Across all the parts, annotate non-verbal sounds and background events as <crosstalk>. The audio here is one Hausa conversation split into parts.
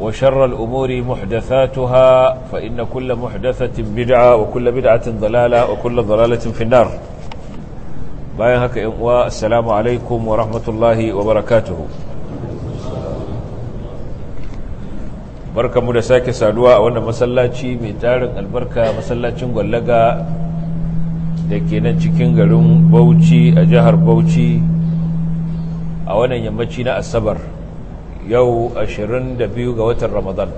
وشر الأمور محدثاتها فإن كل محدثة بدعة وكل بدعة ضلالة وكل ضلالة في النار bayan haka yan uwa assalamu alaikum wa rahmatullahi wa barakatuhu barkamu da sake saduwa a wannan masallaci mai tarin albarka masallacin gwallaga da ke nan cikin garin bauchi a jihar bauchi a wannan yammaci na asabar yau 22 ga watan ramadan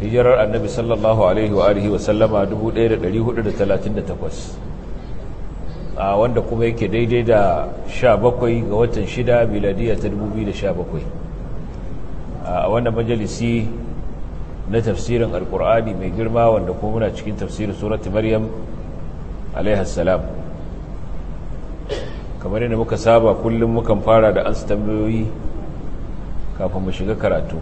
hijirar annabi sallallahu alaihi wa alihi wasallama 1438 a wanda kuma yake daidai da 17 ga watan 6 miladiya ta 2017 a wanda majalisi na tafsirin alkur'ani mai girma wanda kuma muna cikin tafsirin surat maryam salam kamar yadda muka saba kullum mukan fara da an tambayoyi kafin mu shiga karatu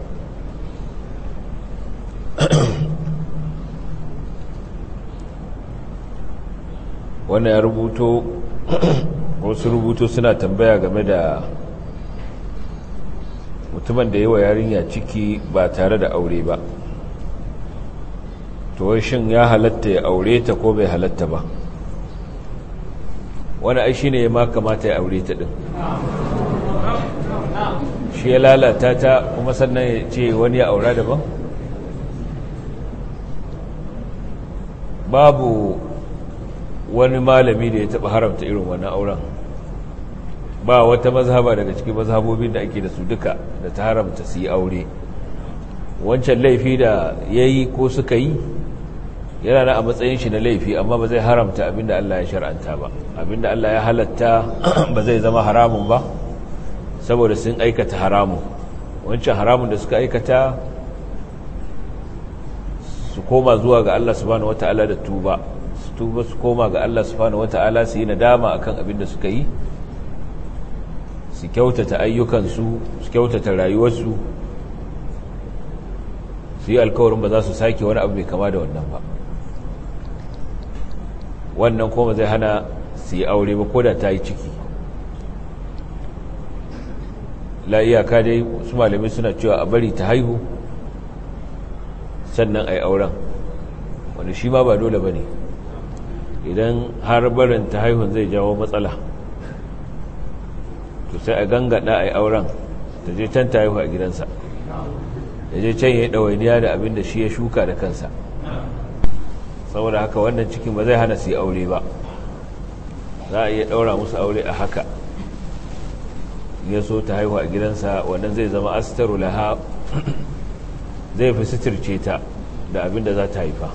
wannan ya rubuto wasu rubuto suna tambaya game da mutumin da yi wa yarinya ciki ba tare da aure ba to shin ya halatta ya aure ta ko bai halatta ba wani aishi ne ya ma kamata ya aure ta ɗin shi ya lalata ta kuma sannan ya ce wani ya aura daban babu wani malami da ya taba haramta irin wannan auren ba wata mazhaba daga cikin mazhabobin da ake da su duka da ta haramta su yi aure wancan laifi da ya yi ko suka yi yana na a matsayin shi na laifi amma ba zai haramta abinda Allah ya shar'anta ba abinda Allah ya halatta ba zai zama haramun ba saboda sun aikata haramu wancan haramun da suka aikata su koma zuwa ga Allah subhanahu wata'ala da tuba su tuba su koma ga Allah subhanahu wata'ala su yi nadama akan abin da suka yi su kyautata ayyukansu su kyautata rayuwarsu su yi alkawarin ba za su sake wani abu mai kama da wannan ba wannan koma zai hana su yi aure ba ko da ta yi ciki la iyaka dai su malamai suna cewa a bari ta haihu sannan a auren wani shi ma ba dole ba ne idan har barin ta haihun zai jawo matsala to sai a gangada a auren ta je can ta haihu a gidansa ya je can ya yi ɗawainiya da abin da shi ya shuka da kansa saboda haka wannan cikin ba zai hana su yi aure ba za a iya ɗaura musu aure a haka ya so ta haihu a gidansa wannan zai zama astaru laha <clears throat> zai fi sitirce ta da abin da za ta haifa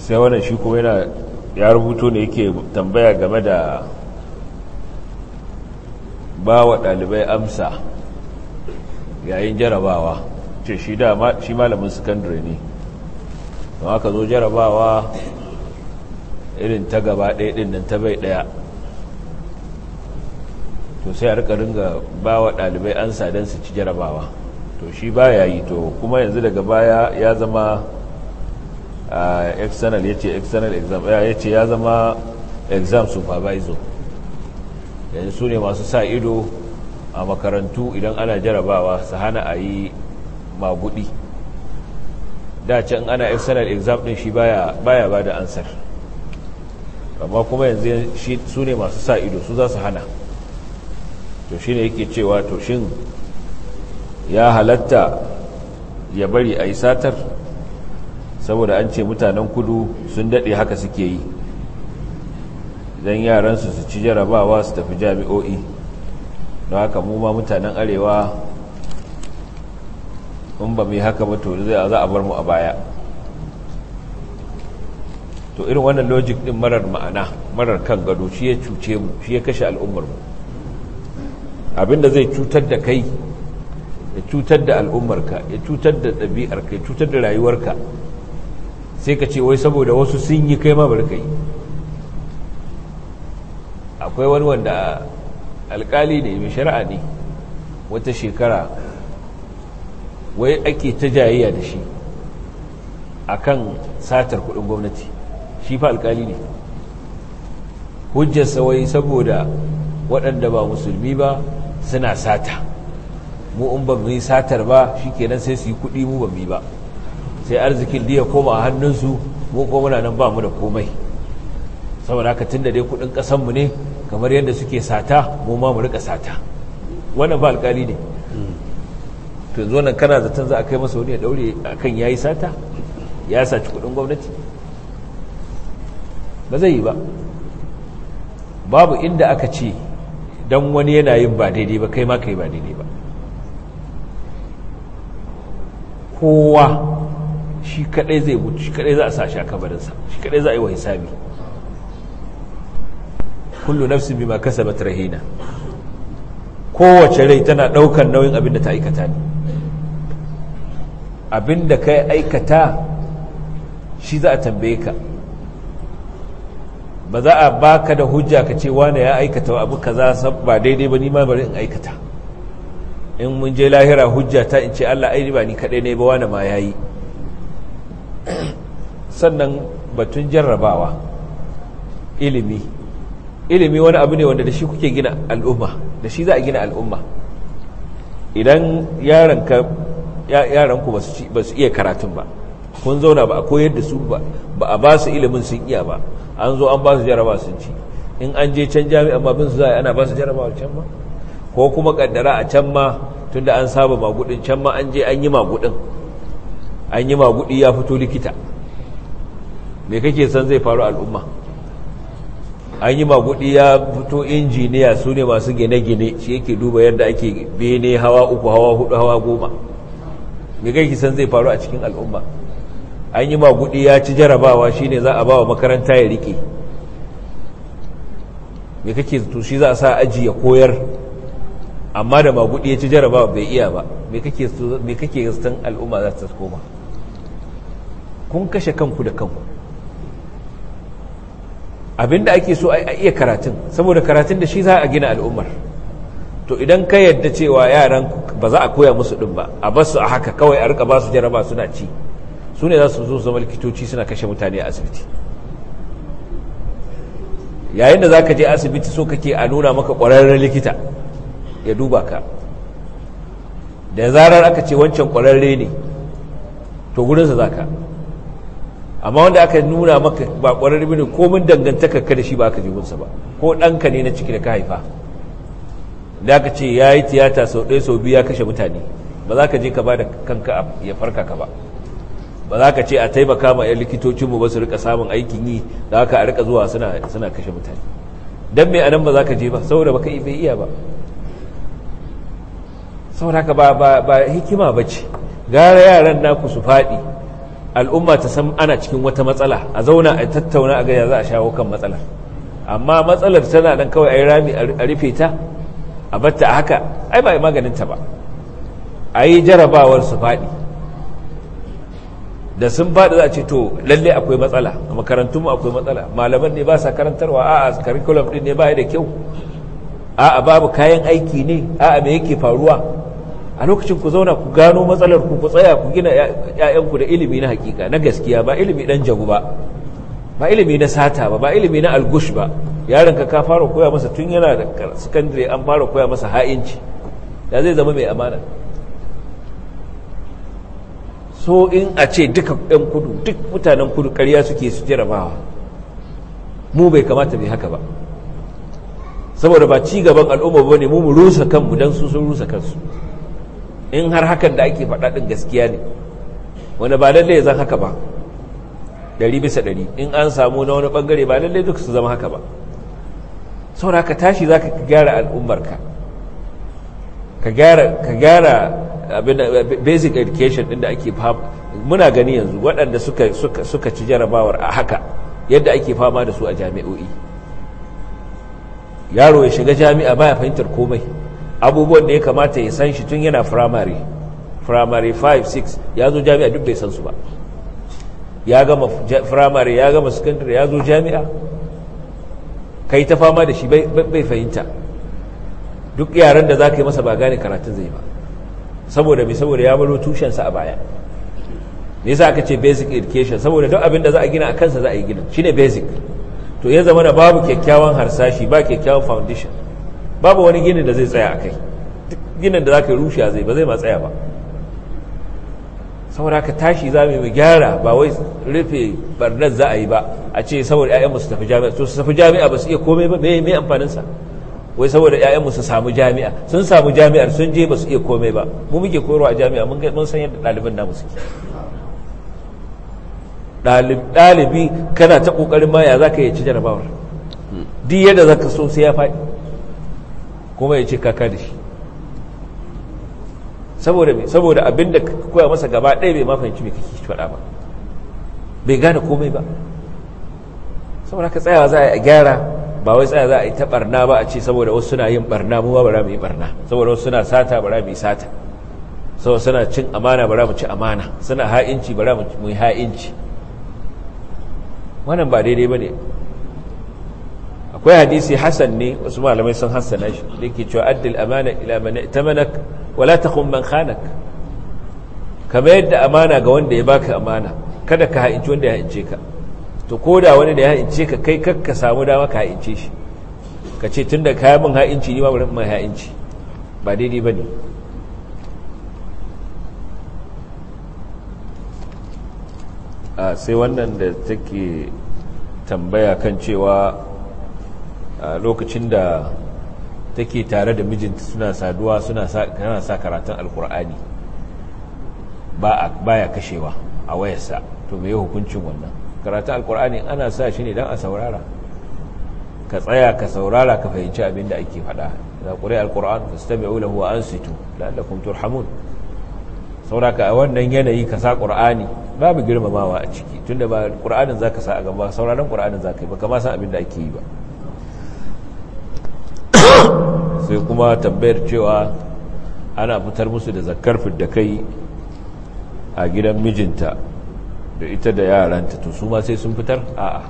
sai wannan shi kuma yana ya rubuto ne yake tambaya game da ba wa ɗalibai amsa yayin jarabawa ce shi malamin sakandare ne don aka zo jarabawa irin ta gaba ɗaya ɗin nan ta bai ɗaya to sai a rika ringa ba wa ɗalibai an sadan su ci jarabawa to shi ba ya yi to kuma yanzu daga baya ya zama a external ya ce external exam ya ce ya zama exam supervisor yanzu su ne masu sa ido a makarantu idan ana jarabawa su hana a yi magudi da can ana external exam din shi baya baya da ansar amma kuma yanzu shi su ne masu sa ido su za su hana to shine yake cewa to shin ya halatta ya bari a yi satar saboda an ce mutanen kudu sun daɗe haka suke yi don yaransu su ci jarabawa su tafi jami'o'i don haka mu ma mutanen arewa in ba mai haka ba to zai za a bar mu a baya to irin wannan logic din marar ma'ana marar kan gado shi ya cuce mu shi ya kashe al'ummar abinda zai cutar da kai ya cutar da al'ummarka ya cutar da ɗabi'arka ya cutar da rayuwarka sai ka ce wai saboda wasu sun yi kai ma kai akwai wani wanda alkali ne mai shari'a ne wata shekara wai ake ta jayayya da shi a kan satar kudin gwamnati shi fa alkali ne hujjarsa wai saboda waɗanda ba musulmi ba suna sata mu in ba mu yi satar ba shi kenan sai su yi kuɗi mu ba mu yi ba sai arzikin da ya koma a hannunsu mu ko muna nan ba mu da komai saboda haka tun da dai kuɗin ƙasanmu ne kamar yadda suke sata mu ma mu rika sata wannan ba alkali ne to yanzu wannan kana zaton za a kai masa wani ya daure akan yayi sata ya saci kudin gwamnati ba zai yi ba babu inda aka ce don wani yana yin ba daidai ba kai ma kai ba daidai ba kowa shi kadai zai mutu shi kadai za a sashi a kamarinsa shi kadai za a yi wa hisabi kullu nafsin bima kasabat rahina kowace rai tana daukan nauyin abin da ta aikata ne abinda kai aikata shi za a tambaye ka ba za a baka da hujja ka ce wane ya aikata abu kaza ba daidai ba ni ma bari in aikata in mun je lahira hujja ta in ce Allah ai ba ni kadai ne ba wane ma yayi sannan batun jarrabawa ilimi ilimi wani abu ne wanda da shi kuke gina al'umma da shi za a gina al'umma idan yaron ka. yaranku ba su iya karatun ba kun zauna ba a koyar da su ba ba a ba su ilimin sun iya ba an zo an ba su jaraba sun ci in an je can jami'a ma bin su za a ana ba su jaraba can ma ko kuma kaddara a can ma tun da an saba magudin can ma an je an yi magudin an yi magudi ya fito likita me kake san zai faru al'umma an yi magudi ya fito injiniya su ne masu gine-gine shi yake duba yadda ake bene hawa uku hawa hudu hawa goma me kai kisan zai faru a cikin al'umma an yi magudi ya ci jarabawa ne za a ba wa makaranta ya rike me kake to shi za a sa aji ya koyar amma da magudi ya ci jarabawa bai iya ba me kake me al'umma za ta koma kun kashe kanku da kanku abinda ake so a iya karatun saboda karatun da shi za a gina al'ummar to idan ka yadda cewa yaran ba za a koya musu din ba a ba su a haka kawai a rika ba su jaraba suna ci su ne za su zo zama likitoci suna kashe mutane a asibiti yayin da za ka je asibiti so kake a nuna maka ƙwararren likita ya duba ka da zarar aka ce wancan ƙwararre ne to gurinsa za ka amma wanda aka nuna maka ba ƙwararre ne komin dangantakar ka da shi ba aka jibinsa ba ko ɗanka ne na ciki da ka haifa da aka ce ya yi tiyata sau ɗaya sau biyu ya kashe mutane ba za ka je ka ba da kanka ya farka ka ba ba za ka ce a taimaka ma 'yan likitocinmu ba su rika samun aikin yi da aka a rika zuwa suna kashe mutane don mai anan ba za ka je ba saboda ba ka iya ba saboda ka ba hikima ba ce gara yaran naku su faɗi al'umma ta san ana cikin wata matsala a zauna a tattauna a gaya za a shawo kan matsalar amma matsalar tana nan kawai a yi rami a rufe ta a batta haka ai ba ta ba a yi jarabawar su faɗi da sun faɗi za a ce to lalle akwai matsala a makarantun mu akwai matsala malaman ne ba sa karantarwa a a curriculum ɗin ne ba da kyau a a babu kayan aiki ne a a me yake faruwa a lokacin ku zauna ku gano matsalar ku ku tsaya ku gina ‘ya'yanku da ilimi na hakika na gaskiya ba ilimi ɗan jagu ba ba ilimi na sata ba ba ilimi na algush ba yaron ka ka fara koya masa tun yana da sakandare an fara koya masa ha'inci da zai zama mai amana so in a ce duka 'yan kudu duk mutanen kudu karya suke su jarabawa mu bai kamata mai haka ba saboda ba ci gaban al'umma ba ne mu mu rusa kanmu don su sun rusa kansu in har hakan da ake faɗaɗin gaskiya ne wani ba lallai zan haka ba ɗari bisa ɗari in an samu na wani ɓangare ba lallai duk su zama haka ba Saura ka tashi za ka gyara al'ummarka ka gyara basic education ɗin da ake fama muna gani yanzu waɗanda suka ci jarabawar a haka yadda ake fama da su a jami'o'i yaro ya shiga jami'a baya fahimtar komai abubuwan da ya kamata ya san shi tun yana firamare firamare 5-6 ya zo jami'a duk bai san su ba ya gama firamare ya gama secondary ya zo jami'a kai ta fama da shi bai fahimta duk yaran da za ka yi masa ba gane karatun zai ba saboda mai saboda ya baro tushensa a baya ne sa aka ce basic education saboda duk abin da za a gina a kansa za a yi gina shi ne basic to ya zama da babu kyakkyawan harsashi ba kyakkyawan foundation babu wani ginin da zai tsaya a kai duk ginin da za ka rushe zai ba zai ma tsaya ba saboda ka tashi za mu gyara ba wai rufe barnar za a yi ba a ce saboda ‘ya'yanmu su tafi jami'a to su tafi jami'a ba su iya komai ba mai amfaninsa wai saboda ‘ya'yanmu su samu jami'a sun samu jami'ar sun je ba su iya komai ba mu muke koyarwa a jami'a mun san yadda ɗaliban namu suke ɗalibi kana ta ƙoƙarin maya za ka yi ci jarabawar duk yadda za ka so sai ya faɗi kuma ya ce kaka da shi saboda mai saboda abin da ka koya masa gaba ɗaya bai ma fahimci me kake faɗa ba bai gane komai ba saboda ka tsaya za a gyara ba wai tsaya za a yi ta barna ba a ce saboda wasu suna yin barna mu ba ba mu yi barna saboda wasu suna sata ba mu yi sata saboda suna cin amana ba mu ci amana suna ha'inci ba mu yi ha'inci wannan ba daidai ba ne akwai hadisi hasan ne wasu malamai sun hasana shi da yake cewa addil amana ila man itamanak wala takhun man khanak kamar yadda amana ga wanda ya baka amana kada ka haince wanda ya haince ka to koda wani da ya haince ka kai kakka samu dama ka haince shi ka ce tunda ka yi min haince ni ma bari mun haince ba daidai bane a sai wannan da take tambaya kan cewa lokacin da take tare da mijinta suna saduwa suna sa karatun alkur'ani ba ya kashewa a wayarsa to mai hukuncin wannan karatun alkur'ani ana sa shi ne don a saurara ka tsaya ka saurara ka fahimci abin da ake faɗa da ƙuri alkur'an ka su tabi ula huwa an situ turhamun sauraka a wannan yanayi ka sa ƙur'ani babu girmamawa a ciki tunda ba ƙur'anin za ka sa a gaba sauraron ƙur'anin za ka yi ba ma san abin da ake yi ba sai kuma tambayar cewa ana fitar musu da zakar da kai a gidan mijinta da ita da yaranta to su ma sai sun fitar a'a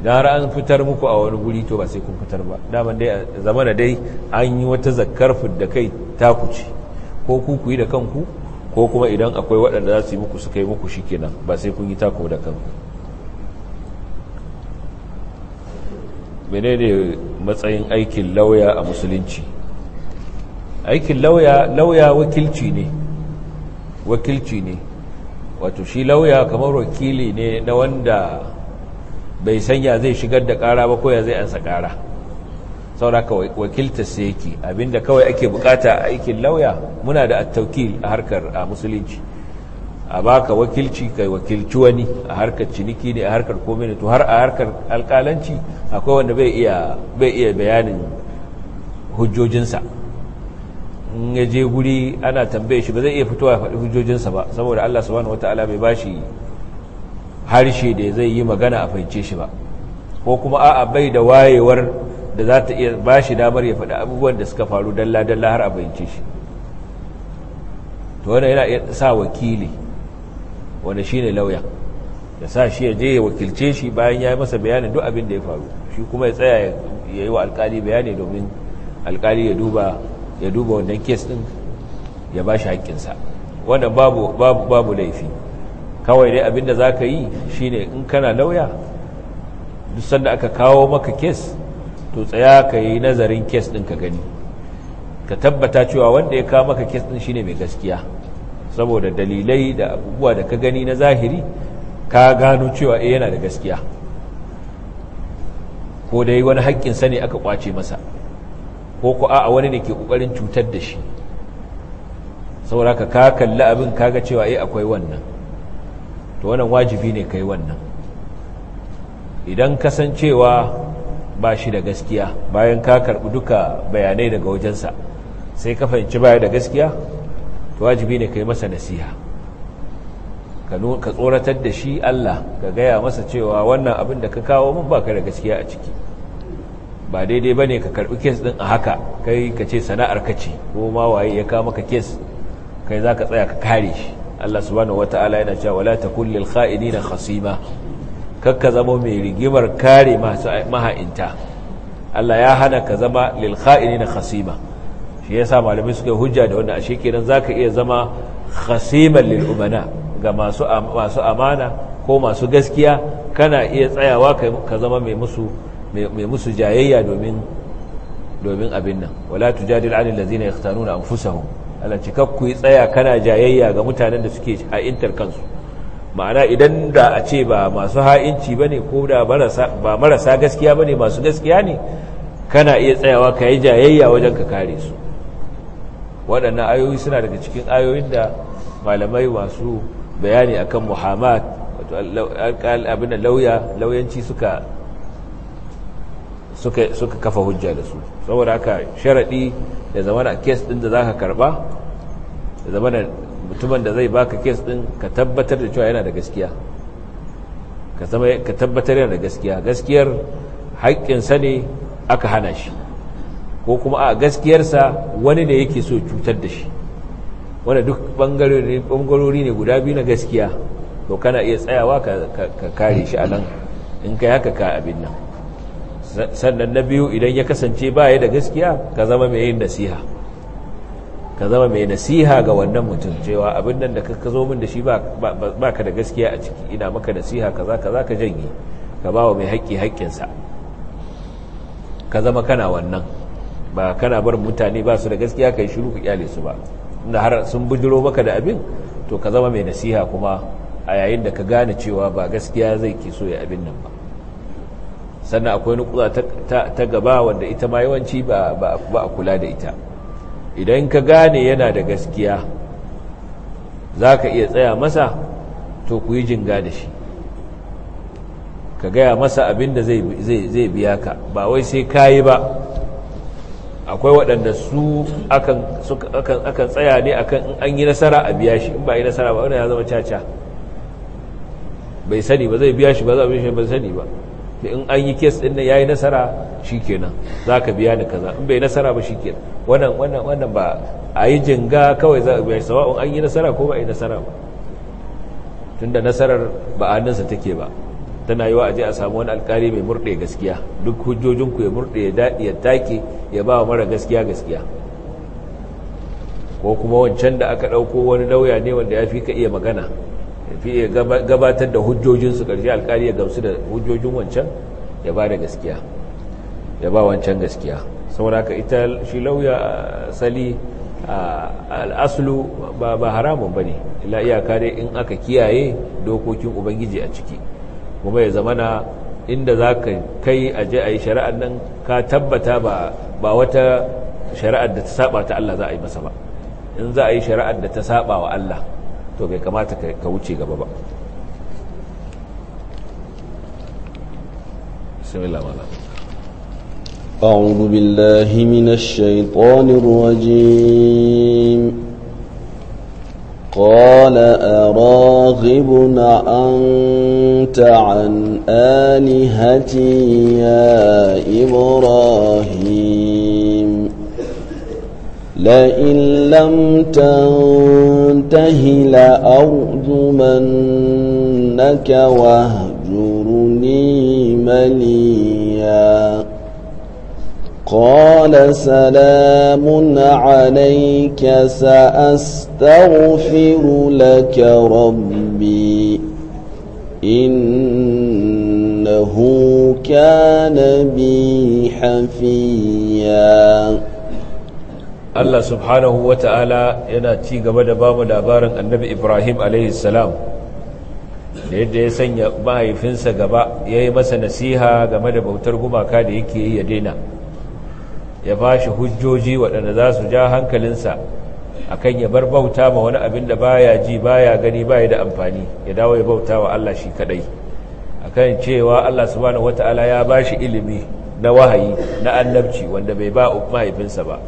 idan har an fitar muku a wani guri to ba sai kun fitar ba dama dai zama da dai an yi wata zakar da kai ta ku ce ko ku ku yi da kanku ko kuma idan akwai waɗanda za su yi muku suka yi muku shi kenan ba sai kun yi ta da kanku matsayin aikin lauya a musulunci aikin lauya lauya wakilci ne wakilci ne wato shi lauya kamar wakili ne na wanda bai sanya zai shigar da kara ba ko ya zai ansa kara sauraka wakilta sai yake abinda kawai ake bukata aikin lauya muna da attaukil a harkar a musulunci a baka wakilci kai wakilci wani a harkar ciniki ne a harkar komai ne to har a harkar alkalanci akwai wanda bai iya bai iya bayanin hujjojinsa in ya je guri ana tambaye shi ba zai iya fitowa ya faɗi hujjojinsa ba saboda Allah subhanahu wataala bai bashi harshe da zai yi magana a fahimce shi ba ko kuma a'a bai da wayewar da za ta iya bashi damar ya faɗi abubuwan da suka faru dalla-dalla har a fahimce shi to wannan yana sa wakili wanda ne lauya ya sa shi ya je ya wakilce shi bayan ya yi masa bayanin duk abin da ya faru shi kuma ya tsaya ya yi wa alkali bayani domin alkali ya duba ya wannan kes din ya ba shi haƙƙinsa wannan babu babu laifi kawai dai abin da za ka yi shi ne in kana lauya duk sanda aka kawo maka kes to tsaya ka yi nazarin kes din ka gani ka tabbata cewa wanda ya kawo maka kes din ne mai gaskiya saboda dalilai da abubuwa da ka gani na zahiri ka gano cewa eh yana da gaskiya ko dai wani haƙƙin sani aka kwace masa ko ko a wani ne ke ƙoƙarin cutar da shi saboda ka kalli abin kaga cewa eh akwai wannan to wannan wajibi ne kai wannan idan ka san cewa ba shi da gaskiya bayan ka karɓi duka bayanai daga wajensa sai ka fahimci baya da gaskiya to wajibi ne ka yi masa nasiha ka tsoratar da shi Allah ka gaya masa cewa wannan abin da ka kawo mun ba ka da gaskiya a ciki ba daidai ba ne ka karɓi kes ɗin a haka kai ka ce sana'ar ka ce ko ma waye ya kawo maka kes kai za ka tsaya ka kare shi Allah subhanahu wata'ala yana cewa wala takul lil kha'inina khasima kakka zama mai rigimar kare masu maha'inta Allah ya hana ka zama lil kha'inina khasima shi sa malamai suka hujja da wanda ashe kenan zaka iya zama khasiman lil umana ga masu amana ko masu gaskiya kana iya tsayawa ka zama mai musu jayayya domin abin nan wala tujadil anil ladina yakhtaruna anfusahum Allah ce kakku tsaya kana jayayya ga mutanen da suke ha'intar kansu ma'ana idan da a ce ba masu ha'inci ne ko da ba marasa gaskiya ne masu gaskiya ne kana iya tsayawa ka yi jayayya wajen ka kare su waɗannan ayoyi suna daga cikin ayoyin da malamai masu bayani akan muhammad wato abin da lauya lauyanci suka suka kafa hujja da su saboda aka sharaɗi da zamana kes ɗin da za ka karɓa da zamana mutumin da zai baka kes ɗin ka tabbatar da cewa yana da gaskiya ka tabbatar yana da gaskiya gaskiyar haƙƙinsa ne aka hana shi ko kuma a gaskiyarsa wani da yake so cutar da shi wanda duk bangarori ne guda biyu na gaskiya to kana iya tsayawa ka kare shi a nan in ka haka ka abin nan sannan na biyu idan ya kasance ya da gaskiya ka zama mai yin nasiha ka zama mai nasiha ga wannan mutum cewa abin nan da ka zo min da shi ba ka da gaskiya a ciki ina maka nasiha ka za ka janye ka ba wa mai haƙƙi haƙƙinsa ka zama kana wannan ba kana bar mutane ba su da gaskiya kai shiru ku kyale su ba inda har sun bujiro maka da abin to ka zama mai nasiha kuma a yayin da ka gane cewa ba gaskiya zai ke so ya abin nan ba sannan akwai nukuza ta gaba wanda ita ma yawanci ba a kula da ita idan ka gane yana da gaskiya za ka iya tsaya masa to ku yi jinga da shi ka gaya masa abin da zai biya ka ba wai sai kayi ba akwai waɗanda su akan tsaya ne akan in an yi nasara a biya shi in ba yi nasara ba wani ya zama caca bai sani ba zai biya shi ba za a biya shi ba sani ba da in an yi kes ɗin nan ya yi nasara shi kenan za ka biya ni kaza in bai nasara ba shi kenan wannan wannan wannan ba a yi jinga kawai za a biya shi sawa'un an yi nasara ko ba a yi nasara ba tunda nasarar ba'annansa take ba tana yi wa aje a samu wani alkali mai murɗe gaskiya duk hujjojinku ya murɗe ya take ya ba wa mara gaskiya gaskiya ko kuma wancan da aka ɗauko wani lauya ne wanda ya fi ka iya magana ya fi iya gabatar da hujjojinsu ƙarshe alkali ya gamsu da hujjojin wancan ya ba da gaskiya ya ba wancan gaskiya saboda ka ita shi lauya sali al'aslu ba haramun ba ne ila iyaka dai in aka kiyaye dokokin ubangiji a ciki kuma ya zamana inda za ka kai a je a yi shari'ar nan ka tabbata ba wata shari'ar da ta saba ta Allah za a yi masa ba in za a yi shari'ar da ta saba wa Allah to bai kamata ka wuce gaba ba أعوذ بالله من الشيطان الرجيم قال أراغب أنت عن آلهتي يا إبراهيم لئن لم تنته لأرجمنك واهجرني مليا قال سلام عليك سأستغفر لك ربي إنه كان بي حفيا Allah subhanahu wa ta'ala yana ci gaba da ba mu labarin annabi Ibrahim salam da yadda ya sanya mahaifinsa gaba ya yi masa nasiha game da bautar gumaka da yake yi ya daina. ya ba shi hujjoji waɗanda za su ja hankalinsa a kan ya bar bauta ma wani abin da baya ji baya gani baya da amfani ya dawo ya bauta wa Allah shi kaɗai a kan cewa Allah wa wata'ala ya ba shi ilimi na wahayi na annabci wanda bai ba mahaifinsa ba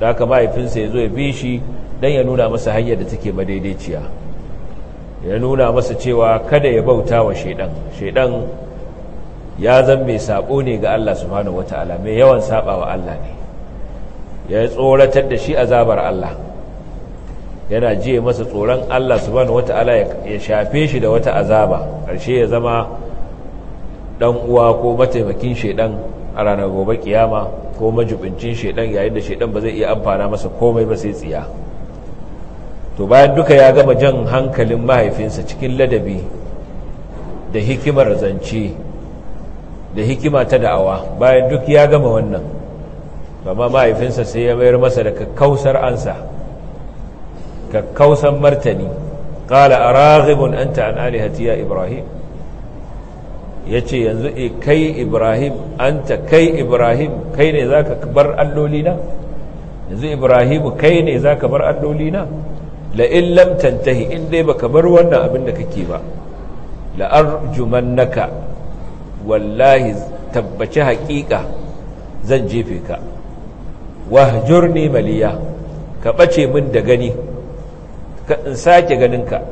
da aka mahaifinsa ya zo ya bi shi don ya nuna masa hanyar da take madaidaiciya ya nuna masa cewa kada ya bauta wa shaidan shaidan ya zan mai sabo ne ga Allah subhanahu wataala mai yawan saba wa Allah ne ya tsoratar da shi azabar Allah yana jiye masa tsoron Allah subhanahu wataala ya shafe shi da wata azaba ƙarshe ya zama dan uwa ko mataimakin shedan a ranar gobe kiyama ko majubincin shedan yayin da shedan ba zai iya amfana masa komai ba sai tsiya to bayan duka ya gama jan hankalin mahaifinsa cikin ladabi da hikimar zance da hikima ta da'awa bayan duk ya gama wannan amma mahaifinsa sai ya mayar masa da kakkausar ansa kakkausar martani ƙala a raghibun an ta'an alihati ya ibrahim ya ce yanzu e kai ibrahim an ta kai ibrahim kai ne za ka bar allolina yanzu ibrahim kai ne za ka bar allolina la'in lam tantahi in dai ba ka bar wannan abin da kake ba la'ar jumannaka wallahi tabbaci haƙiƙa zan jefe ka wahjurni maliya ka ɓace min da gani ka in sake ganinka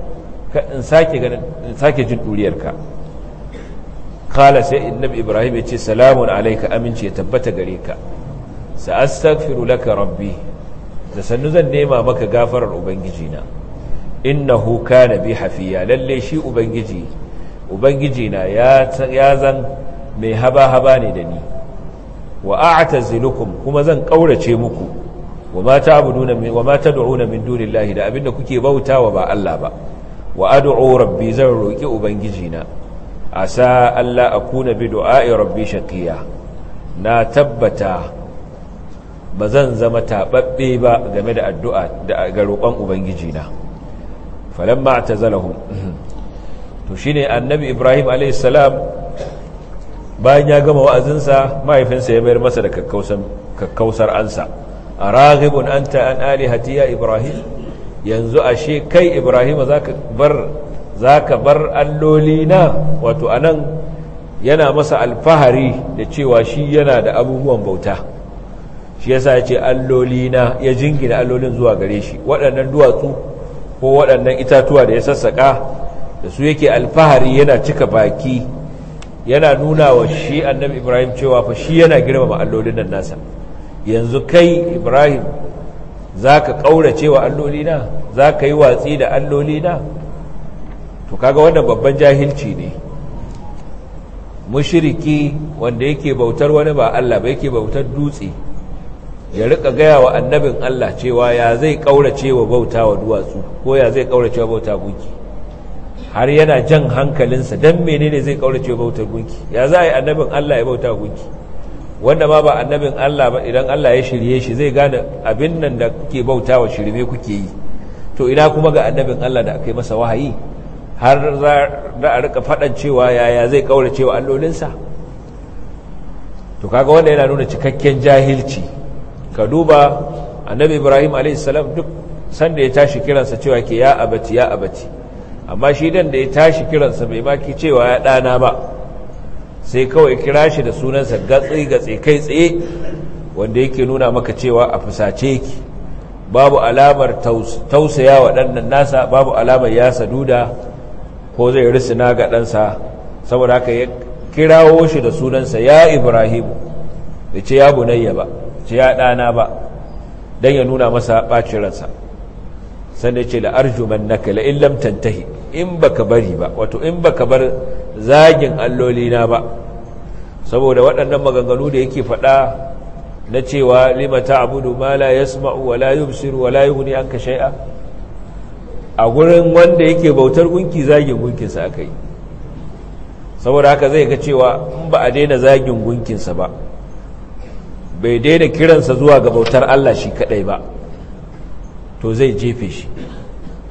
ka in sake jin ɗuriyarka kala sai annabi ibrahim ya ce salamun alaika aminci ya tabbata gare ka sa laka rabbi da sannu zan nema maka gafarar ubangijina innahu kana bi hafiya lalle shi ubangiji ubangiji na ya zan mai haba-haba ne da ni wa a'tazilukum kuma zan ƙaurace muku wa ma ta min wa da abinda kuke bautawa ba Allah ba wa adu'u rabbi zan roki ubangiji na asa a kuna bi du'a'i rabbi shaqiya na tabbata bazan zama taɓaɓɓe ba game da addu'a ga roƙon ubangiji na falamma atazalahum to shine annabi ibrahim a.s. bayan ya gama wa'azinsa mahaifinsa ya bayar masa da kakkausar ansa a raghibun an ta'an alihati ya ibrahim yanzu ashe kai ibrahim za ka bar alloli na wato nan yana masa alfahari da cewa shi yana da abubuwan bauta shi yasa ya ce alloli na ya jingina allolin zuwa gare shi waɗannan duwatsu ko waɗannan itatuwa da ya sassaƙa da su yake alfahari yana cika baki yana nuna wa shi annabi ibrahim cewa fa shi yana girmama allolin nan nasa yanzu kai ibrahim za ka ƙaurace wa allolina za ka yi watsi da allolina to kaga wannan babban jahilci ne mushiriki wanda yake bautar wani ba Allah ba yake bautar dutse ya rika gaya wa annabin Allah cewa ya zai ƙaurace wa bauta wa duwatsu ko ya zai ƙaurace wa bauta guki har yana jan hankalinsa don menene zai kaurace bautar gunki ya za a yi annabin Allah ya bauta gunki wanda ma ba annabin Allah ba idan Allah ya shirye shi zai gane abin nan da kuke bauta wa shirme kuke yi to ina kuma ga annabin Allah da aka yi masa wahayi har za a rika faɗan cewa yaya zai kaurace wa allolinsa to kaga wanda yana nuna cikakken jahilci ka duba annabi ibrahim a.s. duk sanda ya tashi kiransa cewa ke ya abati ya abati amma shi dan da ya tashi kiransa bai baki cewa ya ɗana ba sai kawai kira shi da sunansa gatsi-gatsi kai tsaye wanda yake nuna maka cewa a fusace ki babu alamar tausaya wa ɗannan nasa babu alamar ya saduda ko zai risina ga ɗansa saboda haka ya kirawo shi da sunansa ya ibrahim da ce ya bunayya ba ce ya ɗana ba don ya nuna masa ɓacin ransa sannan ce arjuman naka la'in lam tantahi in baka bari ba wato in baka bar zagin allolina ba saboda waɗannan maganganu da yake faɗa na cewa limata abudu ma la yasma'u wa la yubsiru wa la yughni anka shay'a a gurin wanda yake bautar gunki zagin gunkinsa akai saboda haka zai ga cewa in ba a daina zagin gunkinsa ba bai daina kiransa zuwa ga bautar Allah shi kadai ba to zai jefe shi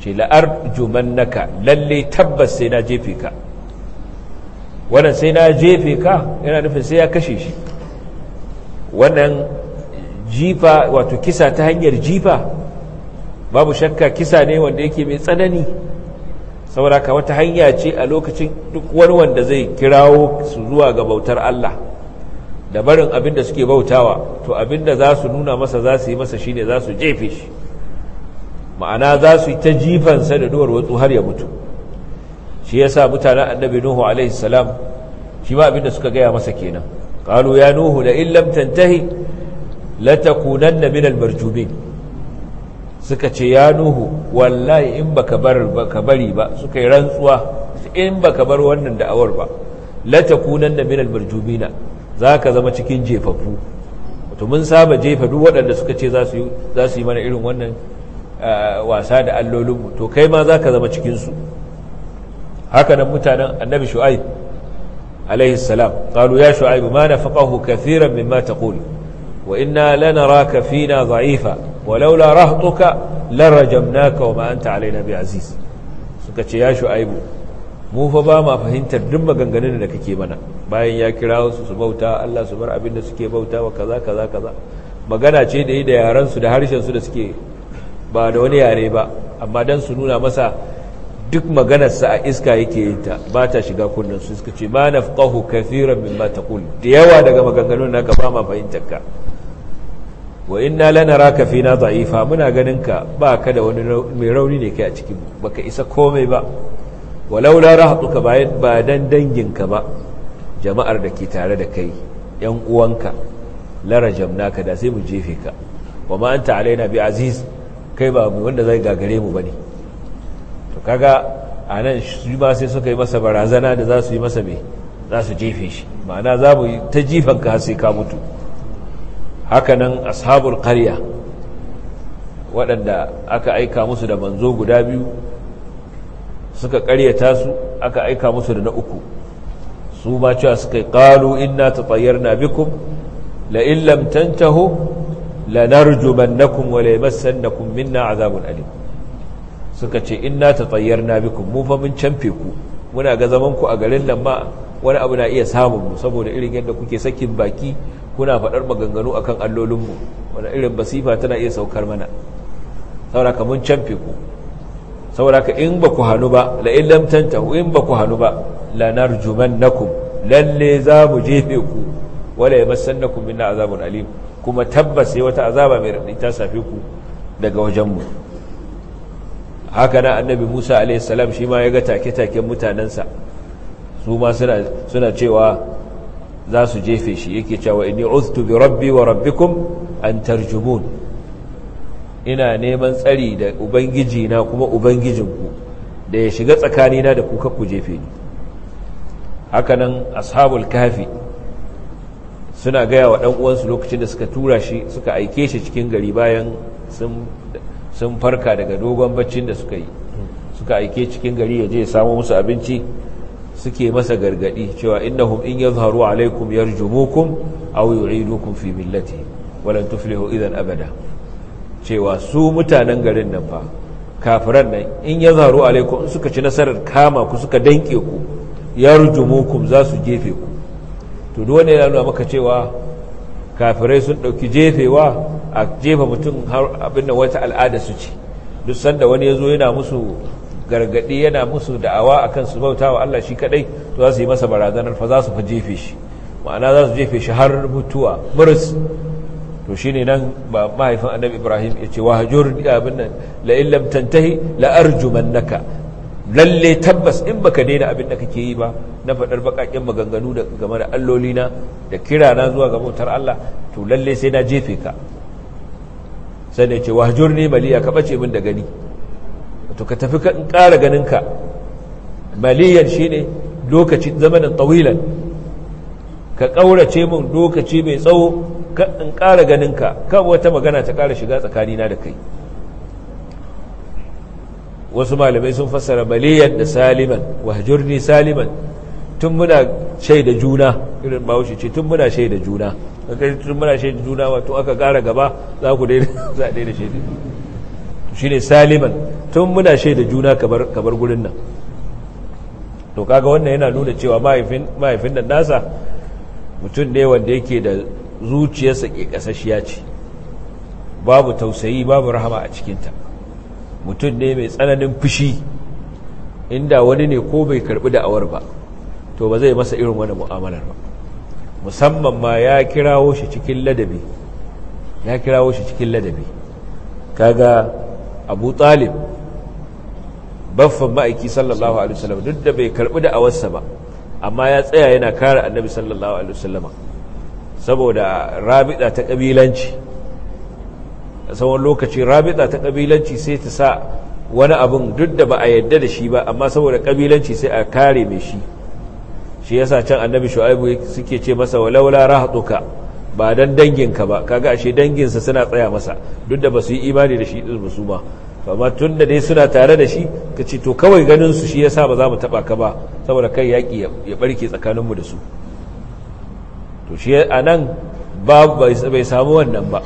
ce la'ar naka lalle tabbas sai na jefe ka wannan sai na jefe ka yana nufin sai ya kashe shi wannan jifa wato kisa ta hanyar jifa babu shakka kisa ne wanda yake mai tsanani ka wata hanya ce a lokacin duk wani wanda zai kirawo su zuwa ga bautar Allah da barin abinda suke bautawa to abinda da za su nuna masa za su yi masa shi ne za su jefe shi ma'ana za su yi ta jifan da watsu har ya mutu shi ya sa mutanen annabi nuhu alaihi salam shi ma abinda suka gaya masa kenan ƙalu ya nuhu da in lam tantahi latakunan na minal marjumin suka ce ya nuhu wallahi in baka bar baka bari ba suka yi rantsuwa in baka bar wannan da'awar ba latakunan na minal marjumina za ka zama cikin jefafu wato mun saba jefa duk waɗanda suka ce za su yi mana irin wannan wasa da allolinmu to kai ma za ka zama cikinsu haka nan mutanen annabi shu'aib alaihi salam qalu ya shu'aib ma nafaqahu kathiran mimma taqul wa inna lanaraka fina dha'ifa walaula rahtuka naka wa ma anta alaina bi'aziz suka ce ya shu'aib mu fa ba ma fahimtar duk maganganun da kake mana bayan ya kira su su bauta Allah su bar abin da suke bauta wa kaza kaza kaza magana ce da yi da yaransu da harshen su da suke ba da wani yare ba amma don su nuna masa duk maganarsa a iska yake yin ta ba ta shiga kunnen su suka ce ma na ƙahu kafiran min ta da yawa daga maganganun ka ba ma fahimtar ka wa inna na fina zaifa muna ganin ka ba ka da wani mai rauni ne kai a cikin baka isa komai ba walau la ka bayan ba dan ka ba jama'ar da ke tare da kai yan uwanka jamna ka da sai mu jefe ka wa ma'anta alaina bi aziz kai ba abu wanda zai gagare mu ne. to kaga anan shi ba sai suka yi masa barazana da za su yi masa me za su jefe shi ma'ana za mu yi ta jifan ka sai ka mutu Haka nan, ashabul qarya waɗanda aka aika musu da manzo guda biyu suka ƙaryata su aka aika musu da na uku su ba cewa suka yi ƙalu inna ta tsayar na bikum la'in lanarjumannakum wa layamassannakum minna azabun alim suka ce inna tatayyarna bikum mu fa mun canfe ku muna ga zaman ku a garin nan ma wani abu na iya samun mu saboda irin yadda kuke sakin baki kuna faɗar maganganu akan allolin mu wani irin basifa tana iya saukar mana sauraka mun canfe ku sauraka in ba ku hannu ba la in lam tantahu in ba ku hannu ba lanarjumannakum lalle za mu jefe ku wala yamassannakum minna azabun alim kuma tabbas sai wata azaba mai raɗi ta safe ku daga wajenmu haka na annabi musa alaihissalam shi ma ya ga take-taken mutanensa su ma suna cewa za su jefe shi yake cewa inni uztu bi rabbi wa rabbikum an tarjumun ina neman tsari da ubangiji na kuma ubangijinku da ya shiga tsakanina da kuka ku jefe ni hakanan ashabul kafi suna gaya wa ɗan uwansu lokacin da suka tura shi suka aike shi cikin gari bayan sun farka daga dogon baccin da suka yi suka aike cikin gari ya je ya samu musu abinci suke masa gargadi cewa hum in yazharu alaikum yarjumukum aw yu'idukum fi millati walan tuflihu idan abada cewa su mutanen garin nan fa kafiran nan in yazharu alaikum suka ci nasarar kama ku suka danke ku yarjumukum za su jefe ku to duk wannan yana maka cewa kafirai sun dauki jefewa a jefa mutum har abin da wata al'ada su ce duk sanda wani ya zo yana musu gargadi yana musu da'awa akan su bautawa Allah shi kadai to za su yi masa barazanar fa za su fa jefe shi ma'ana za su jefe shi har mutuwa muris to shine nan ba mahaifin annabi ibrahim ya ce wahjur abin nan la illam tantahi la arjumannaka lalle tabbas in baka daina abin da kake yi ba na faɗar baƙaƙen maganganu da game da allolina da kira na zuwa ga bautar Allah to lalle sai na jefe ka sai da ce wahjur ne maliya ka bace min da gani to ka tafi in ƙara ganin ka maliyan ne lokaci zamanin tawilan ka ƙaurace min lokaci mai tsawo ka in ƙara ganin ka kan wata magana ta ƙara shiga tsakanina da kai wasu malamai sun fassara baliyan da saliman wahjurni saliman tun muna shaida juna irin bahaushe ce tun muna shaida juna kai-kai tun muna shaida juna wato aka kara gaba za ku daina <laughs> daina shaida shi ne saliman tun muna shaida juna kabar gurin nan to kaga wannan yana nuna cewa mahaifin nan nasa mutum ne wanda yake da zuciyarsa ke kasashiya ce babu tausayi babu rahama a cikinta mutum ne mai tsananin fushi inda wani ne ko bai karbi da'awar ba to ba zai masa irin wani mu'amalar ba musamman ma ya kirawo shi cikin ladabi ya kirawo shi cikin ladabi kaga abu talib baffan ma'aiki sallallahu alaihi wasallam duk da bai karbi da'awarsa ba amma ya tsaya yana kare annabi sallallahu alaihi wasallama saboda rabida ta kabilanci a tsawon lokaci rabita ta kabilanci sai ta sa wani abin duk da ba a yadda da shi ba amma saboda kabilanci sai a kare mai shi shi yasa can annabi shu'aibu suke ce masa walaula rahatuka ba dan danginka ba kaga ashe danginsa suna tsaya masa duk da ba su yi imani da shi din ba su ma amma tun da dai suna tare da shi ka ce to kawai ganin su shi yasa ba za mu taba ka ba saboda kai yaki ya barke tsakaninmu da su to shi anan ba bai samu wannan ba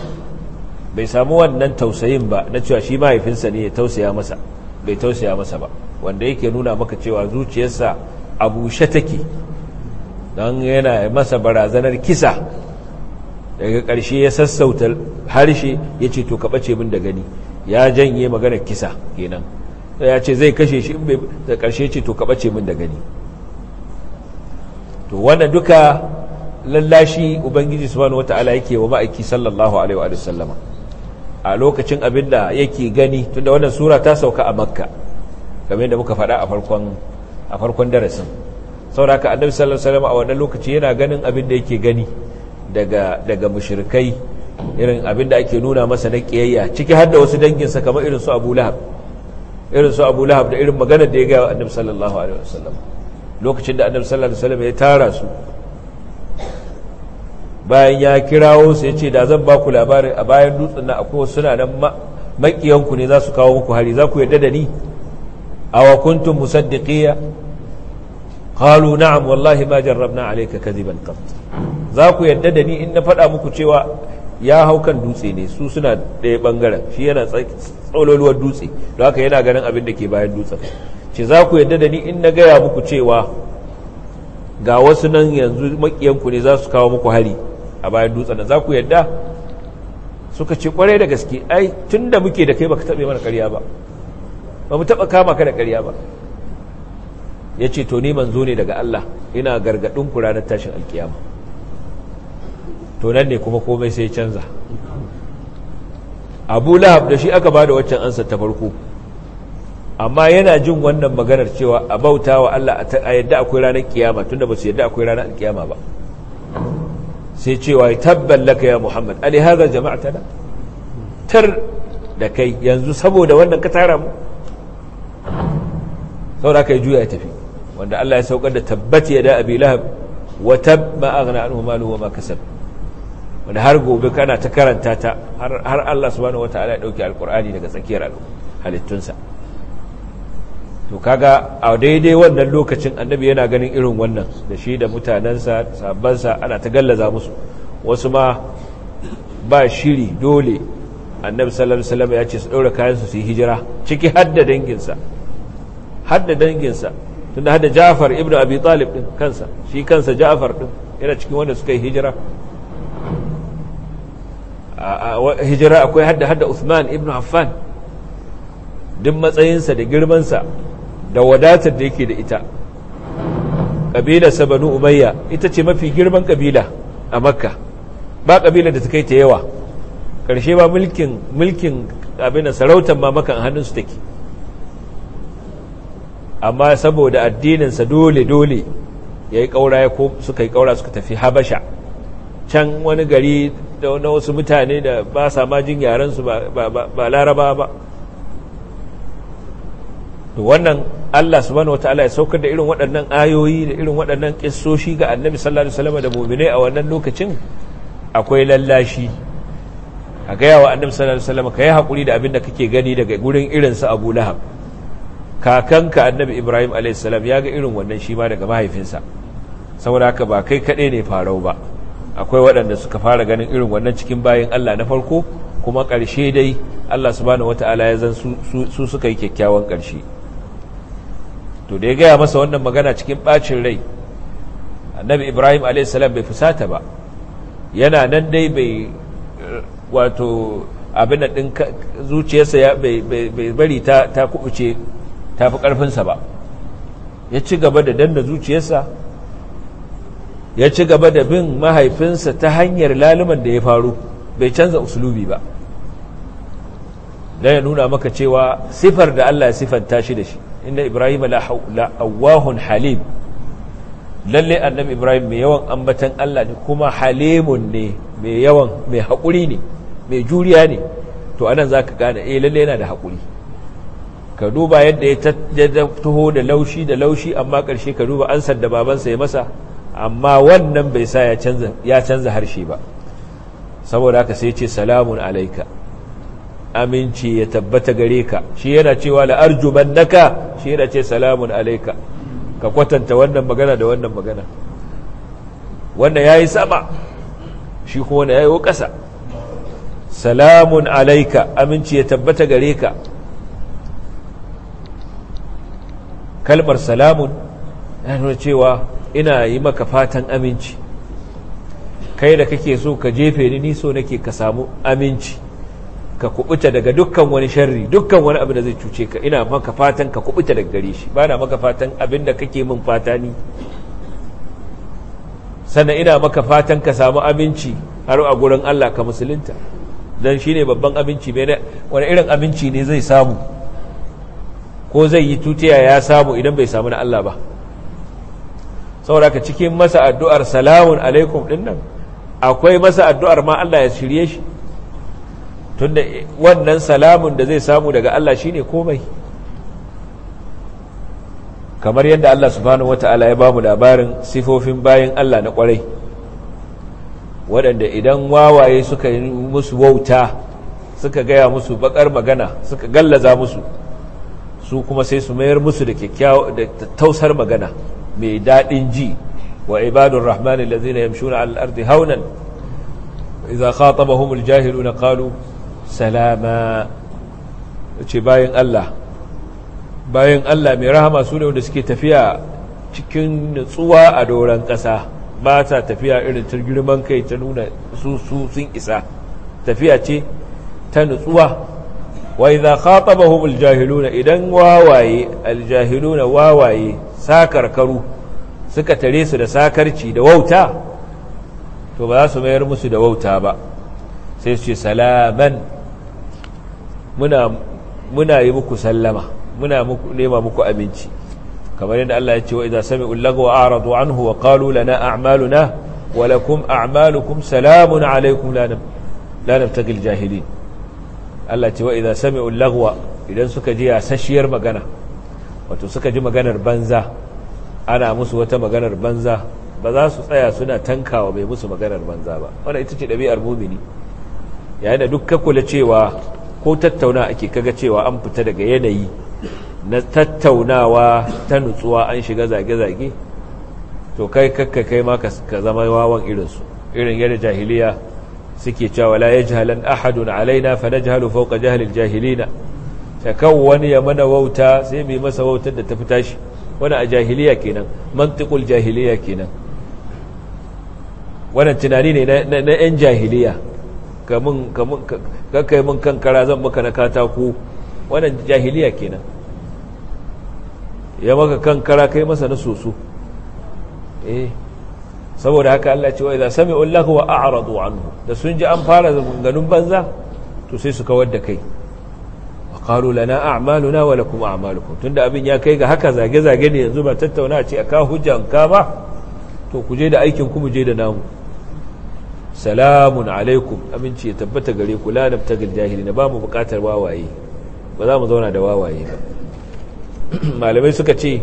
bai samu wannan tausayin ba na cewa shi mahaifinsa ne ya tausaya masa bai tausaya masa ba wanda yake nuna maka cewa zuciyarsa abu bushe take don yana masa barazanar kisa daga ƙarshe ya sassauta harshe ya ce to ka ɓace min da gani ya janye maganar kisa kenan ya ce zai kashe shi da ƙarshe ce to ka ɓace min da gani to wanda duka lallashi ubangiji wata ala yake wa ma'aiki sallallahu alaihi wa sallama a lokacin abin da yake gani tunda wannan sura ta sauka a makka game da muka faɗa a farkon darasin sauraka annabi sallallahu alaihi wasallam a wannan lokaci yana ganin abin da yake gani daga daga mushrikai irin abin da ake nuna masa na kiyayya ciki har da wasu dangin sa kamar irin su Abu Lahab irin su Abu Lahab da irin maganar da ya ga annabi sallallahu alaihi wasallam lokacin da annabi sallallahu alaihi wasallam ya tara su bayan ya kirawo su ya ce da zan ba ku labarin a bayan dutsen na akwai suna nan makiyanku ne za su kawo muku hari za ku yarda da ni a wa kuntum musaddiqiya qalu na'am wallahi ma jarrabna alayka kadhiban qat za ku yarda da ni in na faɗa muku cewa ya hau kan dutse ne su suna ɗaya bangaren shi yana tsololuwar dutse don haka yana ganin abin da ke bayan dutsen ce za ku yarda da ni in na gaya muku cewa ga wasu nan yanzu makiyanku ne za su kawo muku hari a bayan dutsen za ku yadda suka ce kwarai da gaske ai tun da muke da kai baka taɓe mana ƙarya ba ba mu taɓa kama ka da ƙarya ba ya ce to ni manzo ne daga Allah ina gargaɗin ku ranar tashin alkiyama to nan ne kuma komai sai canza abu lahab da shi aka ba da waccan ansa ta farko amma yana jin wannan maganar cewa a bauta wa Allah a yadda akwai ranar kiyama tunda ba su yadda akwai ranar alkiyama ba sai cewa tabban laka ya muhammad alihaza jama'atana tar da kai yanzu saboda wannan ka tara mu saboda kai juya ya tafi wanda Allah ya saukar da tabbati ya da abi lahab wa tab ma aghna anhu maluhu wa ma kasab wanda har gobe kana ta karanta ta har Allah subhanahu ta'ala ya dauki alkur'ani daga tsakiyar halittunsa to kaga a daidai wannan lokacin annabi yana ganin irin wannan da shi da mutanensa sabansa ana ta gallaza musu wasu ma ba shiri dole annabi sallallahu alaihi wasallam ya ce su daura kayansu su yi hijira ciki hadda danginsa hadda danginsa tunda hadda Ja'far ibn Abi Talib din kansa shi kansa Ja'far din yana cikin wanda suka yi hijira hijira akwai hadda hadda Uthman ibn Affan duk matsayinsa da girmansa da wadatar da yake da ita ƙabila sabanu umayya ita ce mafi girman ƙabila a makka ba ƙabila da ta kai ta yawa ƙarshe ba mulkin mulkin abin sarautar mamakan hannunsu take amma saboda addininsa dole-dole ya yi ƙaura ya suka yi ƙaura suka tafi habasha can wani gari da wasu mutane da ba sa majin yarensu ba laraba ba to wannan Allah subhanahu wataala ya saukar da irin waɗannan ayoyi da irin waɗannan kissoshi ga annabi sallallahu alaihi wasallam da mu'minai a wannan lokacin akwai lallashi a gayawa yawa annabi sallallahu alaihi wasallam kai hakuri da abin da kake gani daga gurin irin su Abu Lahab kakanka annabi Ibrahim alaihi salam ya ga irin wannan shi ma daga mahaifinsa saboda haka ba kai kade ne farau ba akwai waɗanda suka fara ganin irin wannan cikin bayin Allah na farko kuma ƙarshe dai Allah subhanahu wataala ya zan su suka yi kyakkyawan ƙarshe to da ya gaya masa wannan magana cikin bacin rai annabi ibrahim a.s. bai fusata ba yana nan dai bai wato abin da ɗin zuciyarsa bai bari ta kuɓuce ta fi ƙarfinsa ba ya ci gaba da danna zuciyarsa ya ci gaba da bin mahaifinsa ta hanyar laluman da ya faru bai canza usulubi ba don ya nuna maka cewa sifar da allah ya sifanta shi da shi inda ibrahim la'awahun halim lalle annabi ibrahim mai yawan ambatan allah ne kuma halimun ne mai yawan mai haƙuri ne mai juriya ne to anan za ka gane eh lalle yana da haƙuri ka duba yadda ya taho da laushi da laushi amma ƙarshe ka duba ansar da babansa ya masa amma wannan bai sa ya canza harshe ba saboda haka sai ce salamun alaika aminci ya tabbata gare ka shi yana cewa la'arjuman naka shi yana ce salamun alaika ka kwatanta wannan magana da wannan magana wannan ya yi sama shi kuma wanda ya yi ƙasa salamun alaika aminci ya tabbata gare ka kalmar salamun ya nuna cewa ina yi maka fatan aminci kai da kake so ka jefe ni ni so nake ka samu aminci ka kubuta daga dukkan wani sharri dukkan wani abin da zai cuce ka ina maka fatan ka kubuta daga gare shi ba na maka fatan abin da kake min fata ni sannan ina maka fatan ka samu aminci har a gurin Allah ka musulunta don shi ne babban aminci wani irin aminci ne zai samu ko zai yi tutiya ya samu idan bai samu na Allah ba saboda ka cikin masa addu'ar salamun alaikum ɗin nan akwai masa addu'ar ma Allah ya shirye shi tunda wannan salamun da zai samu daga Allah shine komai kamar yadda Allah subhanahu wata'ala ya bamu labarin sifofin bayan Allah na kwarai waɗanda idan wawaye suka yi musu wauta suka gaya musu bakar magana suka gallaza musu su kuma sai su mayar musu da kyakkyawa da tausar magana mai daɗin ji wa ibadun rahmanin lazina yamshuna al'ardi haunan idza khatabahumul jahiluna qalu salama ce bayan Allah bayan Allah mai rahama su ne wanda suke tafiya cikin nutsuwa a doron ƙasa ba ta tafiya irin ta girman kai ta nuna su sun isa tafiya ce ta nutsuwa wa idza khatabahum aljahiluna idan wawaye aljahiluna wawaye sakarkaru suka tare su da sakarci da wauta to ba za su mayar musu da wauta ba sai su ce salaman muna yi muku sallama muna nema muku abinci kamar yadda Allah ya ce wa idza sami'u a'radu anhu wa qalu lana a'maluna wa lakum a'malukum salamun alaykum la la nabtagil jahilin Allah ce wa idza sami'u idan suka ji yasashiyar magana wato suka ji maganar banza ana musu wata maganar banza ba za su tsaya suna tankawa mai musu maganar banza ba wannan ita ce dabi'ar mumini yayin da duk kula cewa ko tattauna ake kaga cewa an fita daga yanayi na tattaunawa ta nutsuwa an shiga zage-zage to kai kakka kai ma ka zama wawan irinsu irin yana jahiliya suke cewa la yajhalan ahadun alaina fa na najhalu fawqa jahlil jahilina ta kawo wani ya mana wauta sai mai masa wautar da ta fita shi wani a jahiliya kenan mantiqul jahiliya kenan wannan tunani ne na 'yan jahiliya kamun yi mun kankara zan maka na katako wannan jahiliya kenan ya maka kankara kai masa na soso eh saboda haka Allah ce wa idza sami'u lahu wa a'radu anhu da sun ji an fara ganin banza to sai su kawar da kai wa qalu lana a'maluna wa lakum a'malukum tunda abin ya kai ga haka zage zage ne yanzu ba tattauna a ce aka hujjan ka ba to ku je da aikin ku mu je da namu salamun alaikum aminci ya tabbata gare ku la nabtagil na ba mu bukatar wawaye ba za mu zauna da wawaye ba <clears throat> malamai suka ce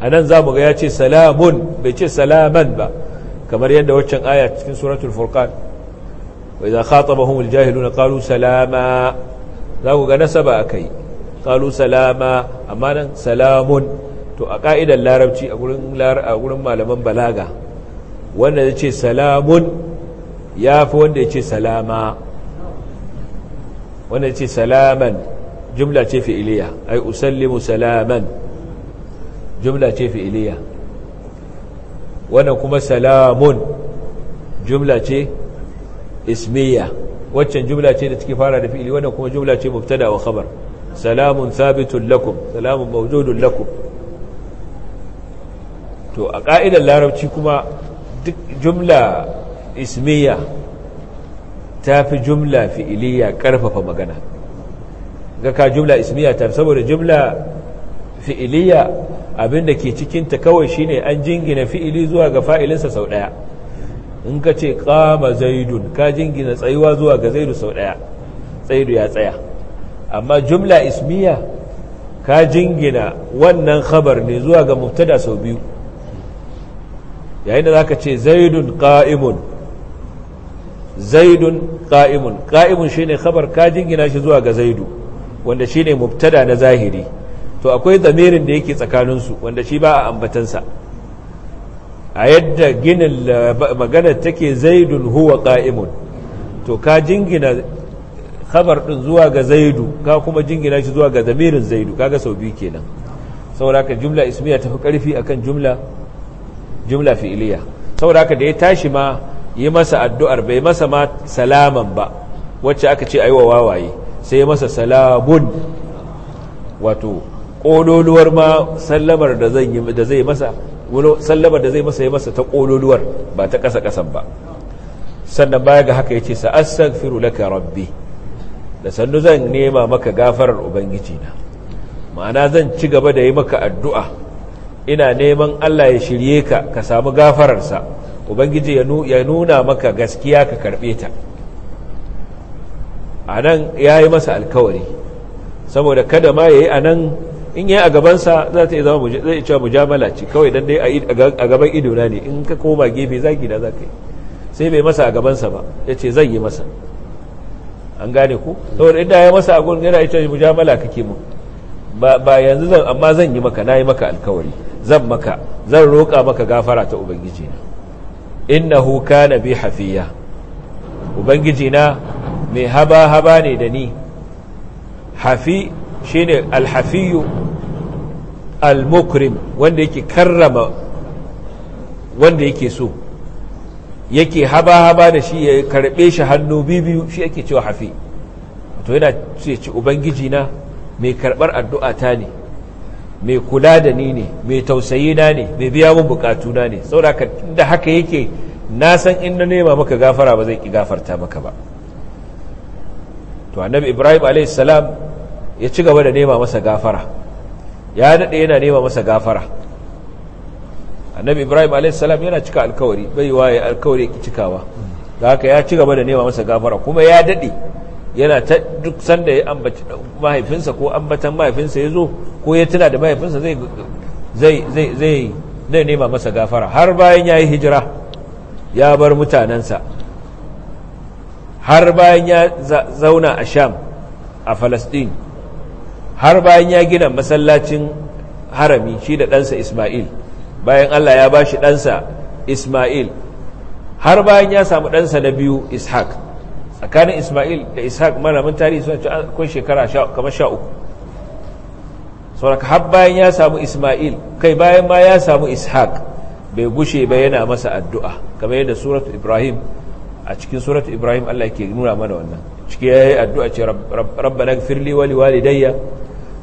a nan za mu ga ya ce salamun bai ce salaman ba kamar yadda waccan aya cikin suratul furqan wa idza khatabahum na qalu salama za ku ga nasaba kai qalu salama amma nan salamun to a ka'idar larabci a gurin malaman balaga wanda ya ce salamun ya fi wanda ya ce salama wanda ya ce salaman jumla ce fi iliya ai usallimu salaman jumla ce fi iliya wannan kuma salamun jumla ce ismiya waccan jumla ce da take fara da fi'ili wannan kuma jumla ce mubtada wa khabar salamun thabitun lakum salamun mawjudun lakum to a ka'idar larabci kuma duk jumla ismiya ta fi jumla fi'iliya karfafa magana ga ka jumla ismiya ta saboda jumla fi'iliya abinda ke cikinta kawai shine an jingina fi'ili zuwa ga fa'ilinsa sau ɗaya in ka ce kama zaidun ka jingina tsayuwa zuwa ga zaidu sau ɗaya zaidu ya tsaya amma jumla ismiya ka jingina wannan khabar ne zuwa ga mubtada sau biyu yayin da ka ce zaidun qa'imun zaidun qa'imun qa'imun shine khabar ka jingina shi zuwa ga zaidu wanda shine mubtada na zahiri to akwai zamirin da yake tsakaninsu su wanda shi ba a ambatansa a yadda ginin magana take zaidun huwa qa'imun to ka jingina khabar din zuwa ga zaidu ka kuma jingina shi zuwa ga zamirin zaidu kaga sau biyu kenan saboda haka jumla ismiya tafi karfi akan jumla jumla fi'iliya saboda haka da ya tashi ma yi masa addu'ar bai masa ma salaman ba wacce aka ce aiwa wawaye sai masa salamun wato ƙololuwar ma sallamar da zai masa sallamar da zai masa ya masa ta ƙololuwar ba ta kasa ƙasan ba sannan baya ga haka ya ce sa'astaghfiru laka rabbi da sannu zan nema maka gafarar ubangiji na ma'ana zan ci gaba da yi maka addu'a ina neman Allah ya shirye ka ka samu gafararsa ubangiji ya nuna maka gaskiya ka karbe ta a nan ya yi masa alkawari saboda kada ma ya yi a nan in yi a gabansa za ta yi zama zai cewa mujamala ci kawai don dai a gaban idona ne in ka koma gefe za gida za ka yi sai bai masa a gabansa ba ya ce zai yi masa an gane ku saboda idan ya masa a gurin yana ita mujamala kake mu ba yanzu zan amma zan yi maka na yi maka alkawari zan maka zan roƙa maka gafara ta ubangiji na innahu kana bi hafiya ubangiji na mai haba haba ne da ni hafi shine alhafiyu almukrim wanda yake karrama wanda yake so yake haba haba da shi ya karbe shi hannu bibiyu shi yake cewa hafi to yana ce ubangiji na mai karbar addu'a ta ne mai kula da ni ne mai tausayi na ne mai biya mun bukatu na ne saboda da haka yake na san in na nema maka gafara ba zai ki gafarta maka ba to annabi ibrahim alayhi salam ya ci gaba da nema masa gafara ya dade yana nema masa gafara annabi ibrahim alayhi salam yana cika alkawari bai waye alkawari ki cikawa da haka ya ci gaba da nema masa gafara kuma ya dade yana ta duk sanda ya ambaci mahaifinsa ko ambatan mahaifinsa ya zo ko ya tuna da mahaifinsa zai zai nema masa gafara har bayan ya yi hijira ya bar mutanensa har bayan ya zauna a sham a falastin har bayan ya gina masallacin harami shi da ɗansa ismail bayan allah ya ba shi ɗansa ismail har bayan ya samu ɗansa na biyu ishaq tsakanin ismail da ishaq malamin tarihi suna ce akwai shekara kamar sha uku sauraka har bayan ya samu ismail kai bayan ma ya samu ishaq bai gushe ba yana masa addu'a kamar yadda suratu ibrahim a cikin suratu ibrahim allah ke nuna mana wannan ciki ya yi addu'a ce rabbana firli wali walidayya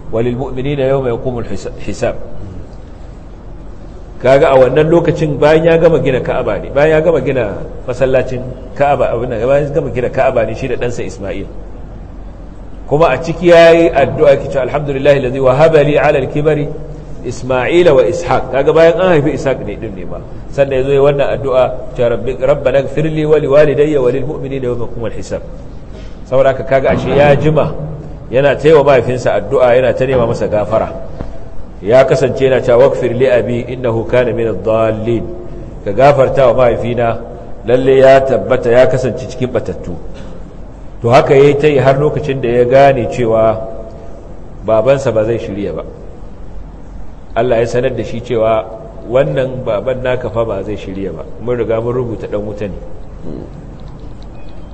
walil yau mai yaqumul hisab kaga a wannan lokacin bayan ya gama gina ka'aba ne bayan ya gama gina masallacin ka'aba abin da bayan ya gama gina ka'aba ne shi da ɗansa Isma'il kuma a ciki yayi addu'a kici alhamdulillahi allazi wahaba li ala kibari Isma'ila wa Ishaq kaga bayan an haifi Ishaq ne din ne ba sannan zo yi wannan addu'a ta rabbi rabbana ighfir li wa walidayya wa lil mu'minina yawma yaqumul hisab saboda kaga ashe ya jima yana wa mahaifinsa addu'a yana ta nema masa gafara ya kasance na cewa waqfir li abi innahu kana min ad-dallin ka gafarta wa mahaifina lalle ya tabbata ya kasance cikin batattu to haka yayi tai har lokacin da ya gane cewa babansa ba zai shirya ba Allah ya sanar da shi cewa wannan baban naka fa ba zai shirya ba mun riga mun rubuta dan wuta ne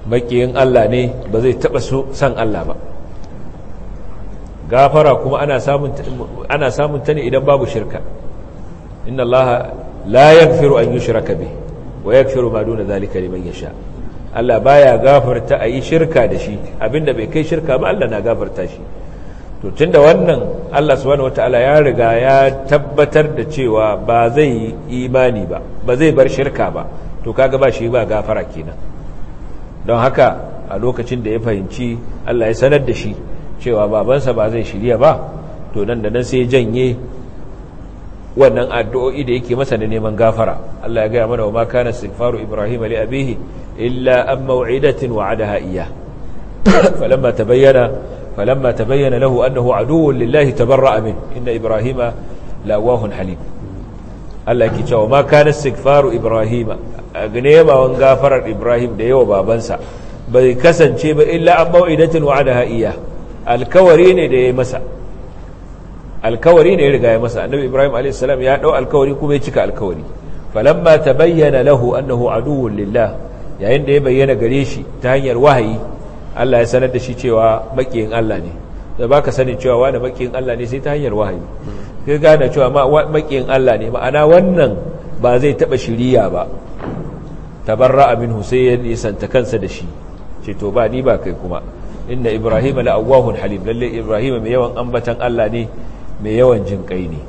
makiyin Allah ne ba zai taba son Allah ba gafara kuma ana samun ta ne idan babu shirka inna allaha la firu an shirka bi wa firu ma duna zalika liman sha. Allah baya gafarta a yi shirka da shi abinda bai kai shirka ba Allah na gafarta shi to tun da wannan Allah wata ala ya riga ya tabbatar da cewa ba zai yi imani ba ba zai bar shirka ba to kaga ba shi ba gafara kenan don haka a lokacin da ya fahimci Allah ya sanar da shi cewa babansa ba zai shirya ba to nan da nan sai janye wannan addu'o'i da yake masa da neman gafara Allah ya gaya mana wa ma kana istighfaru ibrahim li abihi illa an maw'idatin wa'adaha iya <coughs> falamma tabayyana falamma tabayyana lahu annahu aduwwun lillahi tabarra'a min inna ibrahima lawahun halim Allah yake cewa ma kana istighfaru ibrahima ganebawan gafarar ibrahim da yawa babansa bai kasance ba illa an maw'idatin wa'adaha iya alkawari ne da ya yi masa alkawari ne ya riga ya masa annabi ibrahim a.s. ya ɗau alkawari kuma ya cika alkawari falamma ta bayyana lahu annahu aduwwun lillah yayin da ya bayyana gare shi ta hanyar wahayi Allah ya sanar da shi cewa makiyin Allah ne da baka sanin cewa wani makiyin Allah ne sai ta hanyar wahayi sai gane cewa makiyin Allah ne ma'ana wannan ba zai taba shiriya ba tabarra abin sai ya nisanta kansa da shi ce to ba ni ba kai kuma inna ibrahim la'awahun halim lalle ibrahim mai yawan ambatan Allah ne mai yawan jinkai ne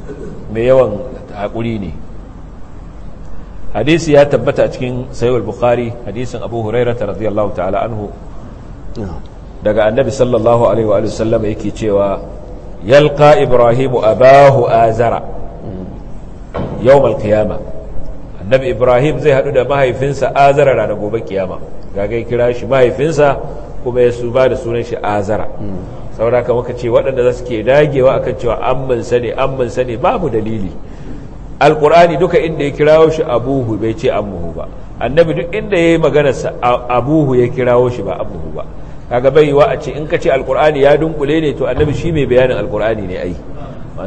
mai yawan haƙuri ne hadisi ya tabbata a cikin sayuwar bukhari hadisin abu huraira ta radiyallahu ta'ala anhu daga annabi sallallahu alaihi wa yake cewa yalqa ibrahimu abahu azara yawm alqiyama annabi ibrahim zai haɗu da mahaifinsa azara ranar gobe kiyama gagai kira shi mahaifinsa kuma ya su ba da sunan shi azara saboda ka ce waɗanda za su ke dagewa akan cewa an ne an ne babu dalili alkur'ani duka inda ya kirawo shi abuhu bai ce amuhu ba annabi duk inda ya yi maganarsa abuhu ya kirawo shi ba abuhu ba kaga bai wa a ce in ka ce alkur'ani ya dunkule ne to annabi shi mai bayanin alkur'ani ne ai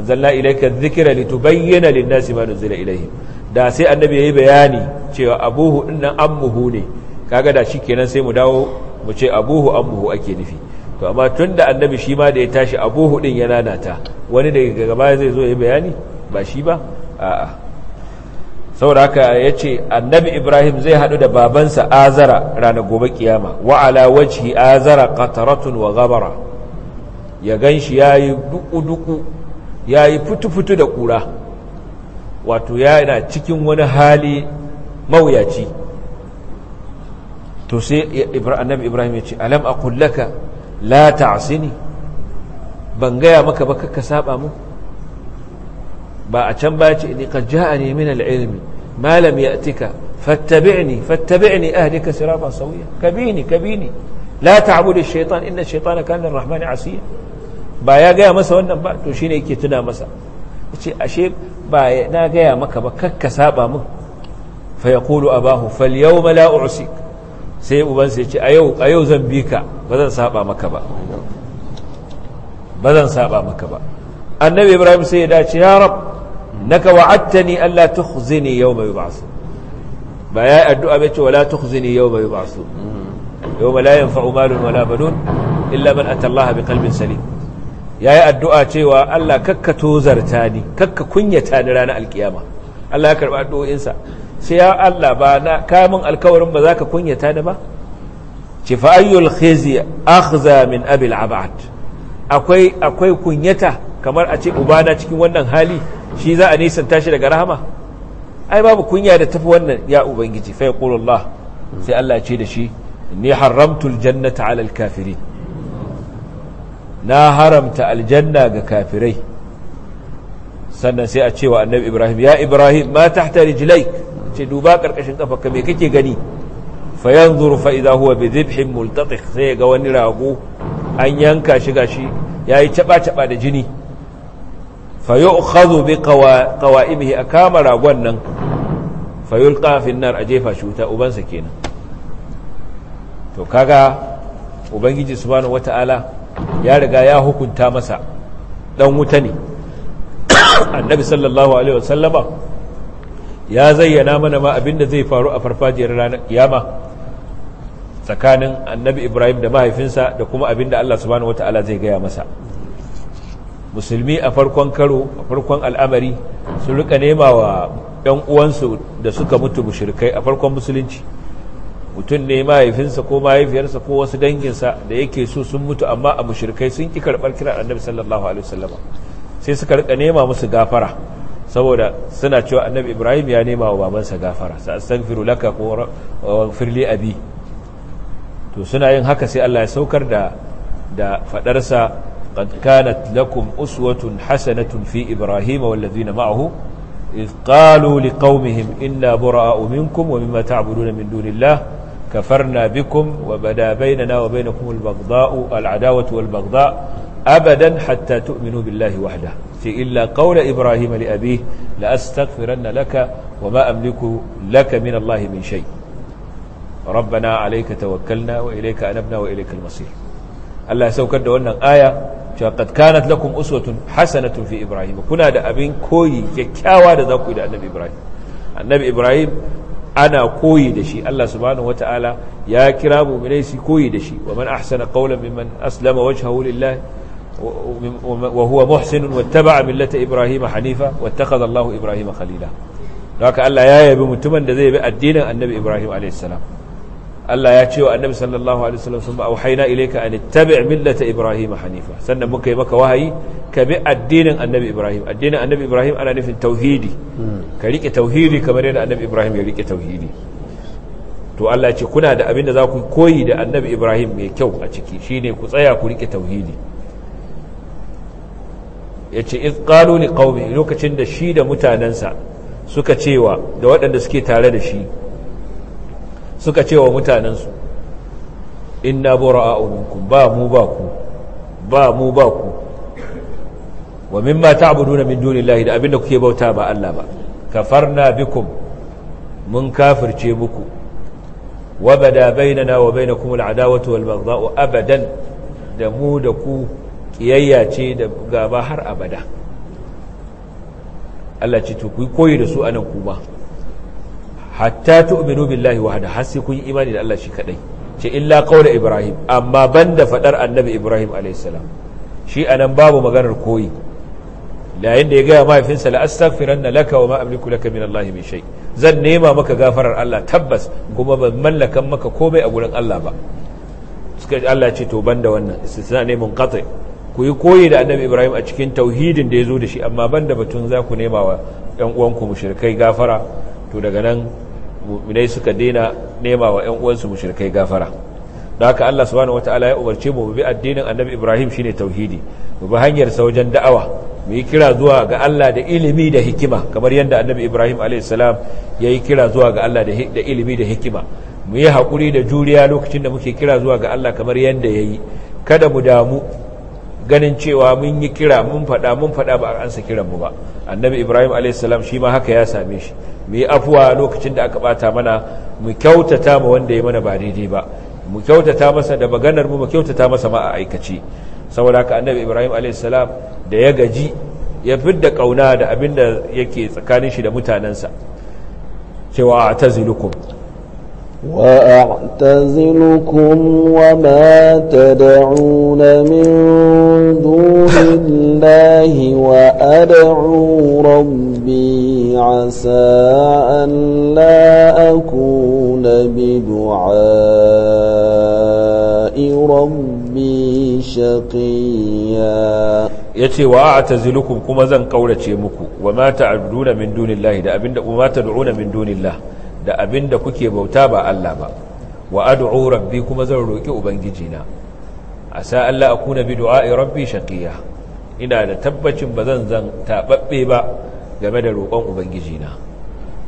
zikira ilayka dhikra bayyana lin-nasi ma nuzila ilayhim da sai annabi ya yi bayani cewa abuhu dinnan muhu ne kaga da shi kenan sai mu dawo mu ce abuhu amuhu ake nufi to amma tun da annabi shi ma da ya tashi abuhu din ya nanata wani daga gaba zai zo ya bayani ba shi ba a'a sauraka ya ce annabi ibrahim zai haɗu da babansa azara rana gobe kiyama wa ala azara qataratun wa gabara ya gan shi ya yi duku-duku ya yi futu-futu da ƙura wato yana cikin wani hali mawuyaci to sai annabi ibrahim ya ce alam aqul laka la ta'sini ban gaya maka ba kakka saba mu ba a can ba ce ni qad ja'ani min al-ilmi ma lam ya'tika fattabi'ni fattabi'ni ahdika siratan sawiya kabini kabini la ta'budu ash-shaytan inna ash-shaytana kana ar-rahmani 'asiya ba ya gaya masa wannan ba to shine yake tuna masa yace ashe ba na gaya maka ba kakka saba mu fa yaqulu abahu fal yawma la u'sik sai uban ya ce a yau zan bi ka ba zan saba maka ba ba zan saba maka ba annabi ibrahim sai ya dace ya rab naka wa'adtani allah tukhzini yawma yub'ath ba ya yi addu'a bace wala tukhzini yawma yub'ath yawma la yanfa'u malun wala banun illa man ata allaha biqalbin salim yi addu'a cewa Allah kakka tozarta ni kakka kunyata ni ranar alkiyama Allah ya karba addu'o'insa sai ya Allah ba na kamun alkawarin ba za ka kunyata ni ba ce fa ayyul khizi akhza min abil abad akwai akwai kunyata kamar a ce ubana cikin wannan hali shi za a nisanta shi daga rahama ai babu kunya da tafi wannan ya ubangiji fa yaqulu Allah sai Allah ce da shi ni haramtu aljannata ala kafirin. na haramta aljanna ga kafirai sannan sai a ce wa annabi ibrahim ya ibrahim ma tahta rijlaik ce duba karkashin kafarka me kake gani fayan yanzuru fa idha huwa bi dhibhin multatikh sai ga wani rago an yanka shi gashi yayi caba caba da jini fa yu'khadhu bi qawa'imihi akama ragon nan fa nan fi an-nar ajefa shi wuta ubansa kenan to kaga ubangiji subhanahu wata'ala ya riga ya hukunta masa dan wuta ne <coughs> annabi sallallahu alaihi wasallama ya zayyana mana ma abin da zai faru a farfajiyar ranar kiyama tsakanin annabi ibrahim da mahaifinsa da kuma abin da allah subhanahu ta'ala zai gaya masa musulmi a farkon karo a farkon al'amari su rika nema wa 'yan uwansu da suka mutu mushrikai a farkon musulunci mutum ne mahaifinsa ko mahaifiyarsa ko wasu danginsa da yake so sun mutu amma a mushrikai sun ƙi karɓar kiran annabi sallallahu alaihi wasallam sai suka rika nema musu gafara saboda suna cewa annabi ibrahim ya nema wa babansa gafara sa laka ko waghfir li abi to suna yin haka sai Allah ya saukar da da fadar sa qad kanat lakum uswatun hasanatun fi ibrahim wal ladina ma'ahu إذ قالوا لقومهم إنا براء منكم ومما تعبدون من دون الله كفرنا بكم وبدا بيننا وبينكم البغضاء العداوة والبغضاء abadan hatta tu'minu billahi wahda Sai illa qawla ibrahim li abi la astaghfiranna laka wa ma amliku laka min allahi min shay rabbana alayka tawakkalna wa ilayka anabna wa ilayka al-masir Allah ya saukar da wannan aya cewa qad kanat lakum uswatun hasanatun fi ibrahim kuna da abin koyi kyakkyawa da za ku yi da annabi ibrahim annabi ibrahim ana koyi da shi Allah subhanahu wataala ya kira mu su koyi da shi wa man ahsana qawlan mimman aslama wajhahu lillahi wa huwa muhsinun wattaba'a millata ibrahima hanifa wattakhadha Allahu ibrahima khalila haka Allah ya yabi mutumin da zai bi addinin annabi ibrahim alayhis salam Allah ya ce wa annabi sallallahu alaihi wasallam sun ba auhayna ilayka an ittabi' millata ibrahim hanifa sannan muka yi maka wahayi ka bi addinin annabi ibrahim addinin annabi ibrahim ana nufin tauhidi ka rike tauhidi kamar yadda annabi ibrahim ya rike tauhidi to Allah ya ce kuna da abin da za ku koyi da annabi ibrahim mai kyau a ciki shine ku tsaya ku rike tauhidi yace iz ne liqaumi lokacin da shi da mutanansa suka cewa da waɗanda suke tare da shi suka cewa mutanansu inna a minkum ba mu ba ku ba mu ba ku wa mimma ta'buduna min lahi da abinda kuke bauta ba Allah ba kafarna bikum mun kafirce muku wa bada bainana wa bainakum al'adawatu wal baghdha'u abadan da mu da ku kiyayya ce da gaba har abada Allah ce to kuyi koyi da su anan kuma hatta tu'minu billahi wahda har sai kun yi imani da Allah shi kadai ce illa qawla ibrahim amma banda fadar annabi ibrahim alayhi salam shi anan babu maganar koyi yayin da ya gaya mahaifinsa la astaghfiranna laka wa ma amliku laka min Allah min shay zan nema maka gafarar Allah tabbas kuma ban mallakan maka komai a gurin Allah ba suka Allah ce to banda wannan istisna ne munqati ku yi koyi da annabi ibrahim a cikin tauhidin da ya zo da shi amma banda batun za ku nema wa ‘yan uwanku gafara to daga nan muminai suka daina nema wa ‘yan uwansu gafara da haka allah subhanahu wata'ala ya umarce mu bi addinin annabi ibrahim shine tauhidi mu bi hanyar sa wajen da'awa mu yi kira zuwa ga allah da ilimi da hikima kamar yadda annabi ibrahim a.s. ya yi kira zuwa ga allah da ilimi da hikima mu yi haƙuri da juriya lokacin da muke kira zuwa ga allah kamar yadda ya yi kada mu damu ganin cewa mun yi kira mun faɗa mun faɗa ba an sa kiran mu ba annabi ibrahim alaihissalam shi ma haka ya same shi mu yi afuwa lokacin da aka bata mana mu kyautata mu wanda ya mana ba daidai ba mu kyautata masa da maganar mu mu kyautata masa ma a aikace saboda haka annabi ibrahim alaihissalam da ya gaji ya fidda kauna da abin da yake tsakanin shi da mutanensa cewa a tazilukum وأعتزلكم وما تدعون من دون الله وأدعو ربي عسى أن لا أكون بدعاء ربي شقيا yace wa a'tazilukum kuma zan kaurace muku wa ma ta'buduna min dunillahi da abinda kuma tad'una min da abinda kuke bauta ba Allah ba wa ad'u rabbi kuma zan roki ubangijina asa Allah akuna bi du'a'i rabbi shaqiya ina da tabbacin bazan zan taɓaɓɓe ba game da roƙon ubangiji na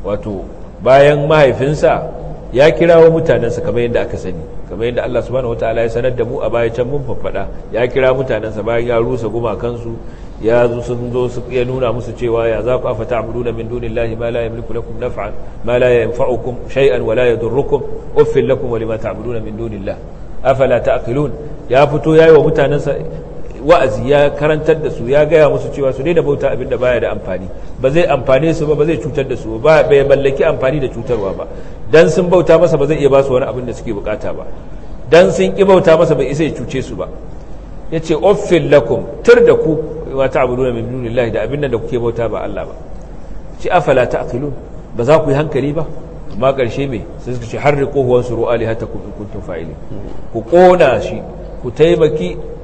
wato bayan mahaifinsa ya kirawo mutanensa kamar yadda aka sani kamar yadda Allah subhanahu ta'ala ya sanar da mu a baya can mun faɗa ya kira mutanensa bayan ya rusa gumakansu ya zo sun zo su ya nuna musu cewa ya za ku afata abuduna min dunillahi ma la yamliku lakum naf'an ma la yanfa'ukum shay'an wa la yadurrukum lakum wa lima ta'buduna min dunillahi afala ta akilun ya fito ya yi wa mutanensa wa'azi ya karantar da su ya gaya musu cewa su da bauta abin da baya da amfani ba zai amfane su ba ba zai cutar da su ba bai mallaki amfani da cutarwa ba dan sun bauta masa ba zai iya ba su wani abin da suke bukata ba dan sun ki bauta masa bai isa ya cuce su ba yace uffil lakum tur da ku wa ta'buduna min dunillahi da abin da kuke bauta ba Allah ba ci afala ta'qilun ba za ku yi hankali ba amma ƙarshe mai sai suka ce har riƙo huwan suru ali hata kuntun fa'ili ku ƙona shi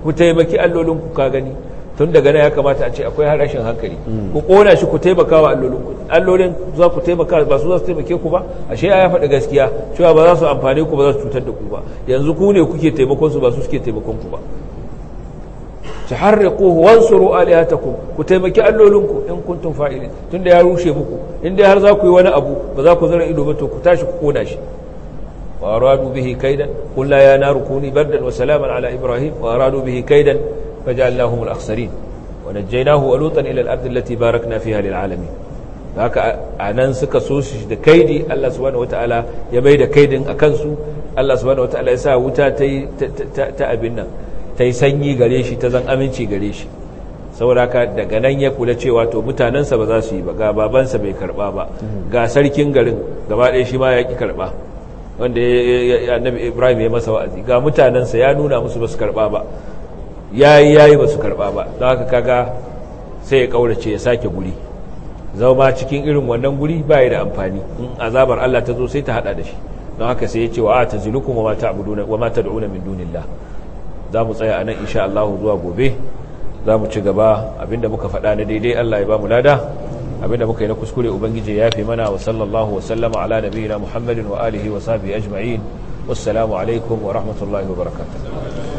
ku taimaki allolinku ka gani tun daga nan ya kamata a ce akwai rashin hankali ku ƙona shi ku taimaka wa allolinku allolin za ku taimaka ba su za su taimake ku ba a ashe ya faɗi gaskiya cewa ba za su amfani ku ba za su cutar da ku ba yanzu ku ne kuke taimakon ba su suke taimakon ku ba taharriquhu wansuru alihatakum ku taimaki allolinku in kuntum fa'ilin tunda ya rushe muku inda har za ku yi wani abu ba za ku zara ido ba to ku tashi ku kona shi wa aradu bihi kaidan qul la ya naru kuni bardan wa salaman ala ibrahim wa aradu bihi kaidan faj'alnahum al-akhsarin wa najjaynahu wa lutan ila al-ardi allati barakna fiha lil alamin haka anan suka so shi da kaidi Allah subhanahu wataala ya bai da kaidin akan su Allah subhanahu wataala ya sa wuta ta abin nan ta yi sanyi gare shi ta zan aminci gare shi sauraka daga nan ya kula cewa to mutanensa ba za su yi ba ga babansa bai karba ba ga sarkin garin gaba ɗaya shi ma ya ƙi karba wanda annabi ibrahim ya masa wa'azi ga mutanensa ya nuna musu ba su karba ba ya yi ba su karba ba don haka kaga sai ya ƙaurace ya sake guri zama cikin irin wannan guri ba da amfani in azabar Allah ta zo sai ta haɗa da shi don haka sai ya ce wa ta zilukum wa ma ta'buduna wa min dunillah za mu tsaya a nan insha Allah zuwa gobe za mu ci gaba abinda muka faɗa na daidai Allah ya ba mu lada abinda muka yi na kuskure ubangiji ya fi mana wa sallallahu wa sallama ala nabiyina muhammadin wa alihi wa sahbihi ajma'in wassalamu alaikum wa rahmatullahi wa barakatuh